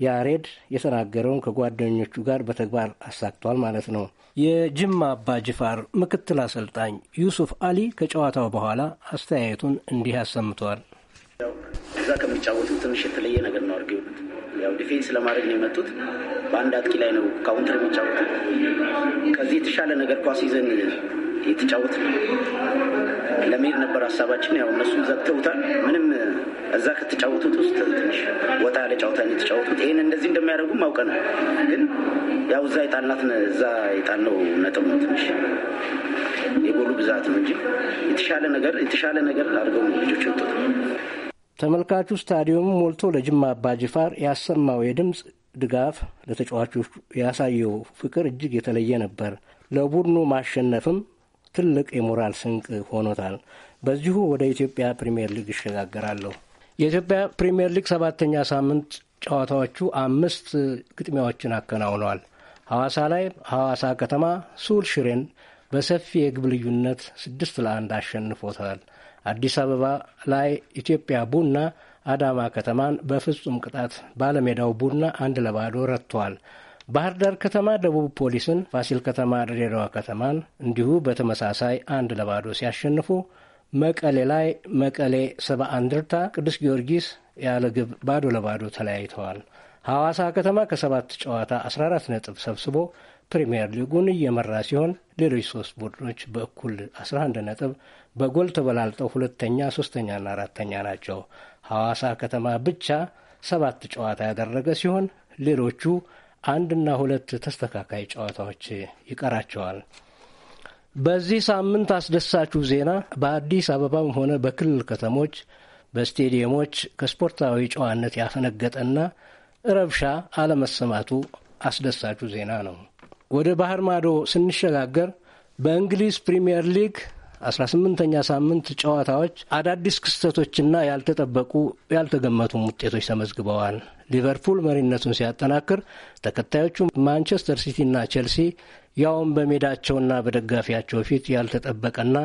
ያሬድ የተናገረውን ከጓደኞቹ ጋር በተግባር አሳክቷል ማለት ነው። የጅማ አባ ጅፋር ምክትል አሰልጣኝ ዩሱፍ አሊ ከጨዋታው በኋላ አስተያየቱን እንዲህ አሰምተዋል። እዛ ከሚጫወቱ ትንሽ የተለየ ነገር ነው አድርጌው ያው ዲፌንስ ለማድረግ ነው የመጡት። በአንድ አጥቂ ላይ ነው ካውንተር የሚጫወት። ከዚህ የተሻለ ነገር ኳስ ይዘን የተጫወት ለመሄድ ነበር ሀሳባችን። ያው እነሱም ዘግተውታል። ምንም እዛ ከተጫወቱት ውስጥ ትንሽ ወጣ ያለ ጨዋታ የተጫወቱት። ይህን እንደዚህ እንደሚያደርጉም ነው። ግን ያው እዛ የጣልናት እዛ የጣልነው ነጥብ ነው ትንሽ የጎሉ ብዛት ነው እንጂ የተሻለ ነገር የተሻለ ነገር አድርገው ልጆች ወጡት። ተመልካቹ ስታዲየሙ ሞልቶ ለጅማ አባጅፋር ያሰማው የድምፅ ድጋፍ ለተጫዋቾቹ ያሳየው ፍቅር እጅግ የተለየ ነበር። ለቡድኑ ማሸነፍም ትልቅ የሞራል ስንቅ ሆኖታል። በዚሁ ወደ ኢትዮጵያ ፕሪምየር ሊግ ይሸጋገራለሁ። የኢትዮጵያ ፕሪምየር ሊግ ሰባተኛ ሳምንት ጨዋታዎቹ አምስት ግጥሚያዎችን አከናውነዋል። ሐዋሳ ላይ ሐዋሳ ከተማ ሱል ሽሬን በሰፊ የግብ ልዩነት ስድስት ለአንድ አሸንፎታል። አዲስ አበባ ላይ ኢትዮጵያ ቡና አዳማ ከተማን በፍጹም ቅጣት ባለሜዳው ቡና አንድ ለባዶ ረትቷል። ባህር ዳር ከተማ ደቡብ ፖሊስን፣ ፋሲል ከተማ ድሬዳዋ ከተማን እንዲሁ በተመሳሳይ አንድ ለባዶ ሲያሸንፉ መቀሌ ላይ መቀሌ ሰባ አንድርታ፣ ቅዱስ ጊዮርጊስ ያለ ግብ ባዶ ለባዶ ተለያይተዋል። ሐዋሳ ከተማ ከሰባት ጨዋታ 14 ነጥብ ሰብስቦ ፕሪምየር ሊጉን እየመራ ሲሆን ሌሎች ሶስት ቡድኖች በእኩል 11 ነጥብ በጎል ተበላልጠው ሁለተኛ፣ ሶስተኛና አራተኛ ናቸው። ሐዋሳ ከተማ ብቻ ሰባት ጨዋታ ያደረገ ሲሆን ሌሎቹ አንድና ሁለት ተስተካካይ ጨዋታዎች ይቀራቸዋል። በዚህ ሳምንት አስደሳቹ ዜና በአዲስ አበባም ሆነ በክልል ከተሞች በስቴዲየሞች ከስፖርታዊ ጨዋነት ያፈነገጠና ረብሻ አለመሰማቱ አስደሳቹ ዜና ነው። ወደ ባህር ማዶ ስንሸጋገር በእንግሊዝ ፕሪምየር ሊግ 18ኛ ሳምንት ጨዋታዎች አዳዲስ ክስተቶችና ያልተጠበቁ ያልተገመቱም ውጤቶች ተመዝግበዋል። ሊቨርፑል መሪነቱን ሲያጠናክር፣ ተከታዮቹ ማንቸስተር ሲቲና ቼልሲ ያውም በሜዳቸውና በደጋፊያቸው ፊት ያልተጠበቀና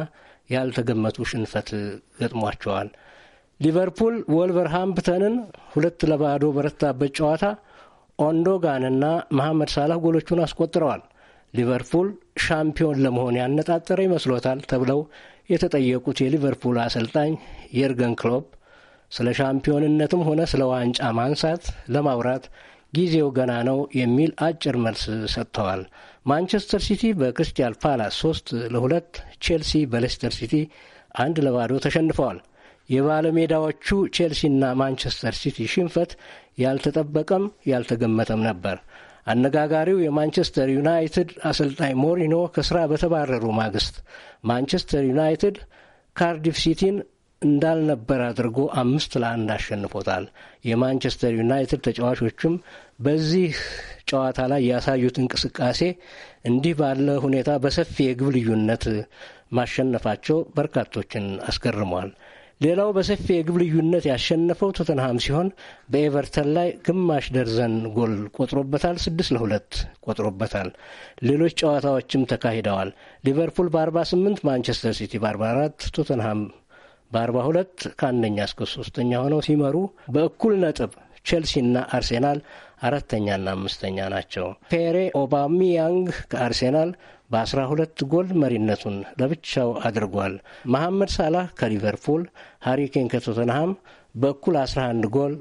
ያልተገመቱ ሽንፈት ገጥሟቸዋል። ሊቨርፑል ወልቨርሃምፕተንን ሁለት ለባዶ በረታበት ጨዋታ ኦንዶጋንና መሐመድ ሳላህ ጎሎቹን አስቆጥረዋል። ሊቨርፑል ሻምፒዮን ለመሆን ያነጣጠረ ይመስሎታል ተብለው የተጠየቁት የሊቨርፑል አሰልጣኝ የርገን ክሎፕ ስለ ሻምፒዮንነትም ሆነ ስለ ዋንጫ ማንሳት ለማውራት ጊዜው ገና ነው የሚል አጭር መልስ ሰጥተዋል። ማንቸስተር ሲቲ በክሪስታል ፓላስ ሶስት ለሁለት፣ ቼልሲ በሌስተር ሲቲ አንድ ለባዶ ተሸንፈዋል። የባለሜዳዎቹ ቼልሲና ማንቸስተር ሲቲ ሽንፈት ያልተጠበቀም ያልተገመተም ነበር። አነጋጋሪው የማንቸስተር ዩናይትድ አሰልጣኝ ሞሪኖ ከስራ በተባረሩ ማግስት ማንቸስተር ዩናይትድ ካርዲፍ ሲቲን እንዳልነበር አድርጎ አምስት ለአንድ አሸንፎታል። የማንቸስተር ዩናይትድ ተጫዋቾችም በዚህ ጨዋታ ላይ ያሳዩት እንቅስቃሴ እንዲህ ባለ ሁኔታ በሰፊ የግብ ልዩነት ማሸነፋቸው በርካቶችን አስገርመዋል። ሌላው በሰፊ የግብ ልዩነት ያሸነፈው ቶተንሃም ሲሆን በኤቨርተን ላይ ግማሽ ደርዘን ጎል ቆጥሮበታል። ስድስት ለሁለት ቆጥሮበታል። ሌሎች ጨዋታዎችም ተካሂደዋል። ሊቨርፑል በ48 ማንቸስተር ሲቲ በ44 ቶተንሃም በ42 ከአንደኛ እስከ ሶስተኛ ሆነው ሲመሩ በእኩል ነጥብ ቼልሲና አርሴናል አራተኛና አምስተኛ ናቸው። ፔሬ ኦባሚያንግ ከአርሴናል በአስራ ሁለት ጎል መሪነቱን ለብቻው አድርጓል። መሐመድ ሳላህ ከሊቨርፑል፣ ሃሪኬን ከቶተንሃም በኩል 11 ጎል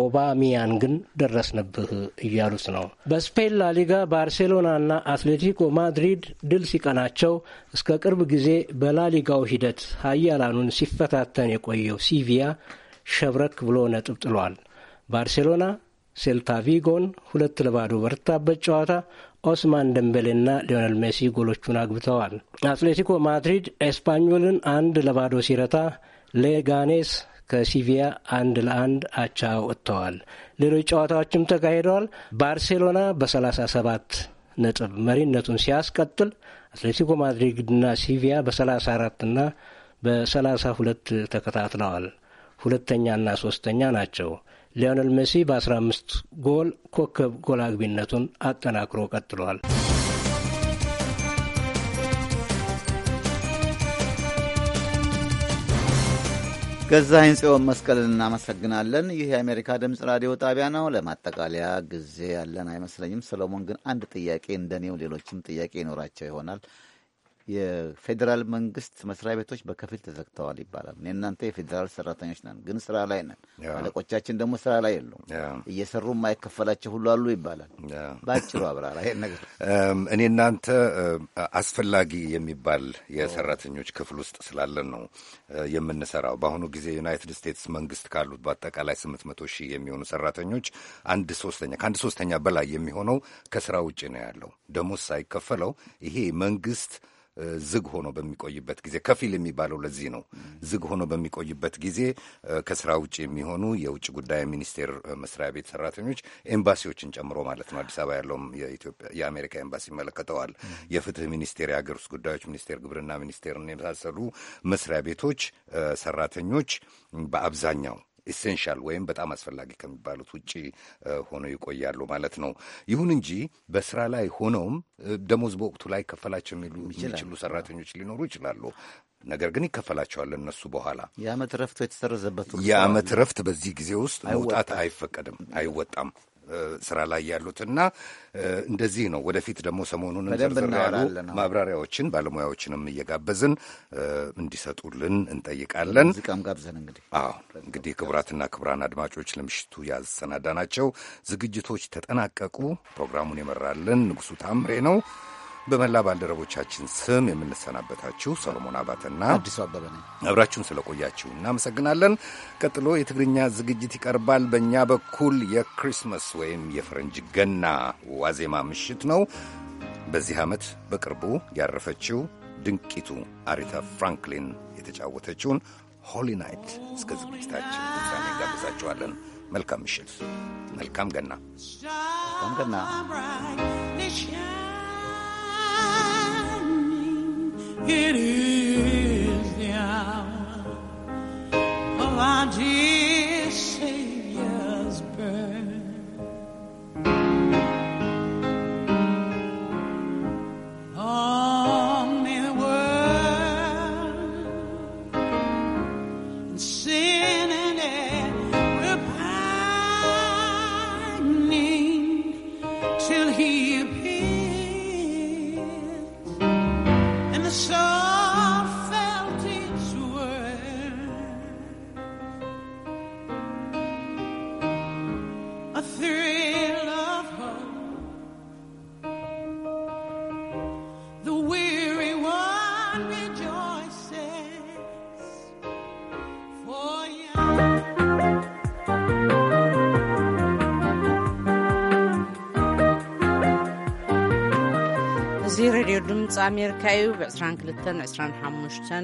ኦባሚያን ግን ደረስንብህ እያሉት ነው። በስፔን ላሊጋ ባርሴሎናና አትሌቲኮ ማድሪድ ድል ሲቀናቸው እስከ ቅርብ ጊዜ በላሊጋው ሂደት ኃያላኑን ሲፈታተን የቆየው ሲቪያ ሸብረክ ብሎ ነጥብ ጥሏል። ባርሴሎና ሴልታ ቪጎን ሁለት ለባዶ በረታበት ጨዋታ ኦስማን ደንቤሌና ሊዮነል ሜሲ ጎሎቹን አግብተዋል። አትሌቲኮ ማድሪድ ኤስፓኞልን አንድ ለባዶ ሲረታ ሌጋኔስ ከሲቪያ አንድ ለአንድ አቻ ወጥተዋል። ሌሎች ጨዋታዎችም ተካሂደዋል። ባርሴሎና በ37 ነጥብ መሪነቱን ሲያስቀጥል አትሌቲኮ ማድሪድና ሲቪያ በ34ና በ32 ተከታትለዋል። ሁለተኛና ሶስተኛ ናቸው። ሊዮነል ሜሲ በ15 ጎል ኮከብ ጎል አግቢነቱን አጠናክሮ ቀጥሏል። ገዛኸኝ ጽዮን መስቀልን እናመሰግናለን። ይህ የአሜሪካ ድምፅ ራዲዮ ጣቢያ ነው። ለማጠቃለያ ጊዜ ያለን አይመስለኝም። ሰሎሞን ግን አንድ ጥያቄ እንደኔው ሌሎችም ጥያቄ ይኖራቸው ይሆናል የፌዴራል መንግስት መስሪያ ቤቶች በከፊል ተዘግተዋል ይባላል። እናንተ የፌዴራል ሰራተኞች ነን፣ ግን ስራ ላይ ነን። አለቆቻችን ደግሞ ስራ ላይ የሉም፣ እየሰሩ የማይከፈላቸው ሁሉ አሉ ይባላል። በአጭሩ አብራራ ይሄን ነገር። እኔ እናንተ አስፈላጊ የሚባል የሰራተኞች ክፍል ውስጥ ስላለን ነው የምንሰራው። በአሁኑ ጊዜ ዩናይትድ ስቴትስ መንግስት ካሉት በአጠቃላይ ስምንት መቶ ሺህ የሚሆኑ ሰራተኞች አንድ ሶስተኛ ከአንድ ሶስተኛ በላይ የሚሆነው ከስራ ውጭ ነው ያለው ደሞዝ ሳይከፈለው ይሄ መንግስት ዝግ ሆኖ በሚቆይበት ጊዜ ከፊል የሚባለው ለዚህ ነው። ዝግ ሆኖ በሚቆይበት ጊዜ ከስራ ውጭ የሚሆኑ የውጭ ጉዳይ ሚኒስቴር መስሪያ ቤት ሰራተኞች ኤምባሲዎችን ጨምሮ ማለት ነው። አዲስ አበባ ያለውም የአሜሪካ ኤምባሲ ይመለከተዋል። የፍትህ ሚኒስቴር፣ የሀገር ውስጥ ጉዳዮች ሚኒስቴር፣ ግብርና ሚኒስቴርን የመሳሰሉ መስሪያ ቤቶች ሰራተኞች በአብዛኛው ኢሴንሻል ወይም በጣም አስፈላጊ ከሚባሉት ውጭ ሆነው ይቆያሉ ማለት ነው። ይሁን እንጂ በስራ ላይ ሆነውም ደሞዝ በወቅቱ ላይ ከፈላቸው የሚችሉ ሰራተኞች ሊኖሩ ይችላሉ። ነገር ግን ይከፈላቸዋል። እነሱ በኋላ የአመት ረፍት የተሰረዘበት የአመት ረፍት በዚህ ጊዜ ውስጥ መውጣት አይፈቀድም፣ አይወጣም። ስራ ላይ ያሉትና እንደዚህ ነው። ወደፊት ደግሞ ሰሞኑን ዝርዝር ያሉ ማብራሪያዎችን ባለሙያዎችንም እየጋበዝን እንዲሰጡልን እንጠይቃለን። ሙዚቃም ጋብዘን እንግዲህ አዎ፣ እንግዲህ ክቡራትና ክቡራን አድማጮች ለምሽቱ ያሰናዳናቸው ዝግጅቶች ተጠናቀቁ። ፕሮግራሙን የመራልን ንጉሱ ታምሬ ነው። በመላ ባልደረቦቻችን ስም የምንሰናበታችሁ ሰሎሞን አባተና አዲሱ አበበ ነኝ። አብራችሁን ስለቆያችሁ እናመሰግናለን። ቀጥሎ የትግርኛ ዝግጅት ይቀርባል። በእኛ በኩል የክሪስመስ ወይም የፈረንጅ ገና ዋዜማ ምሽት ነው። በዚህ ዓመት በቅርቡ ያረፈችው ድንቂቱ አሪታ ፍራንክሊን የተጫወተችውን ሆሊ ናይት እስከ ዝግጅታችን ፍጻሜ ጋብዛችኋለን። መልካም ምሽት፣ መልካም ገና፣ መልካም ገና It is the hour of our dear Savior. ድምፂ ኣሜሪካ እዩ ብ22 25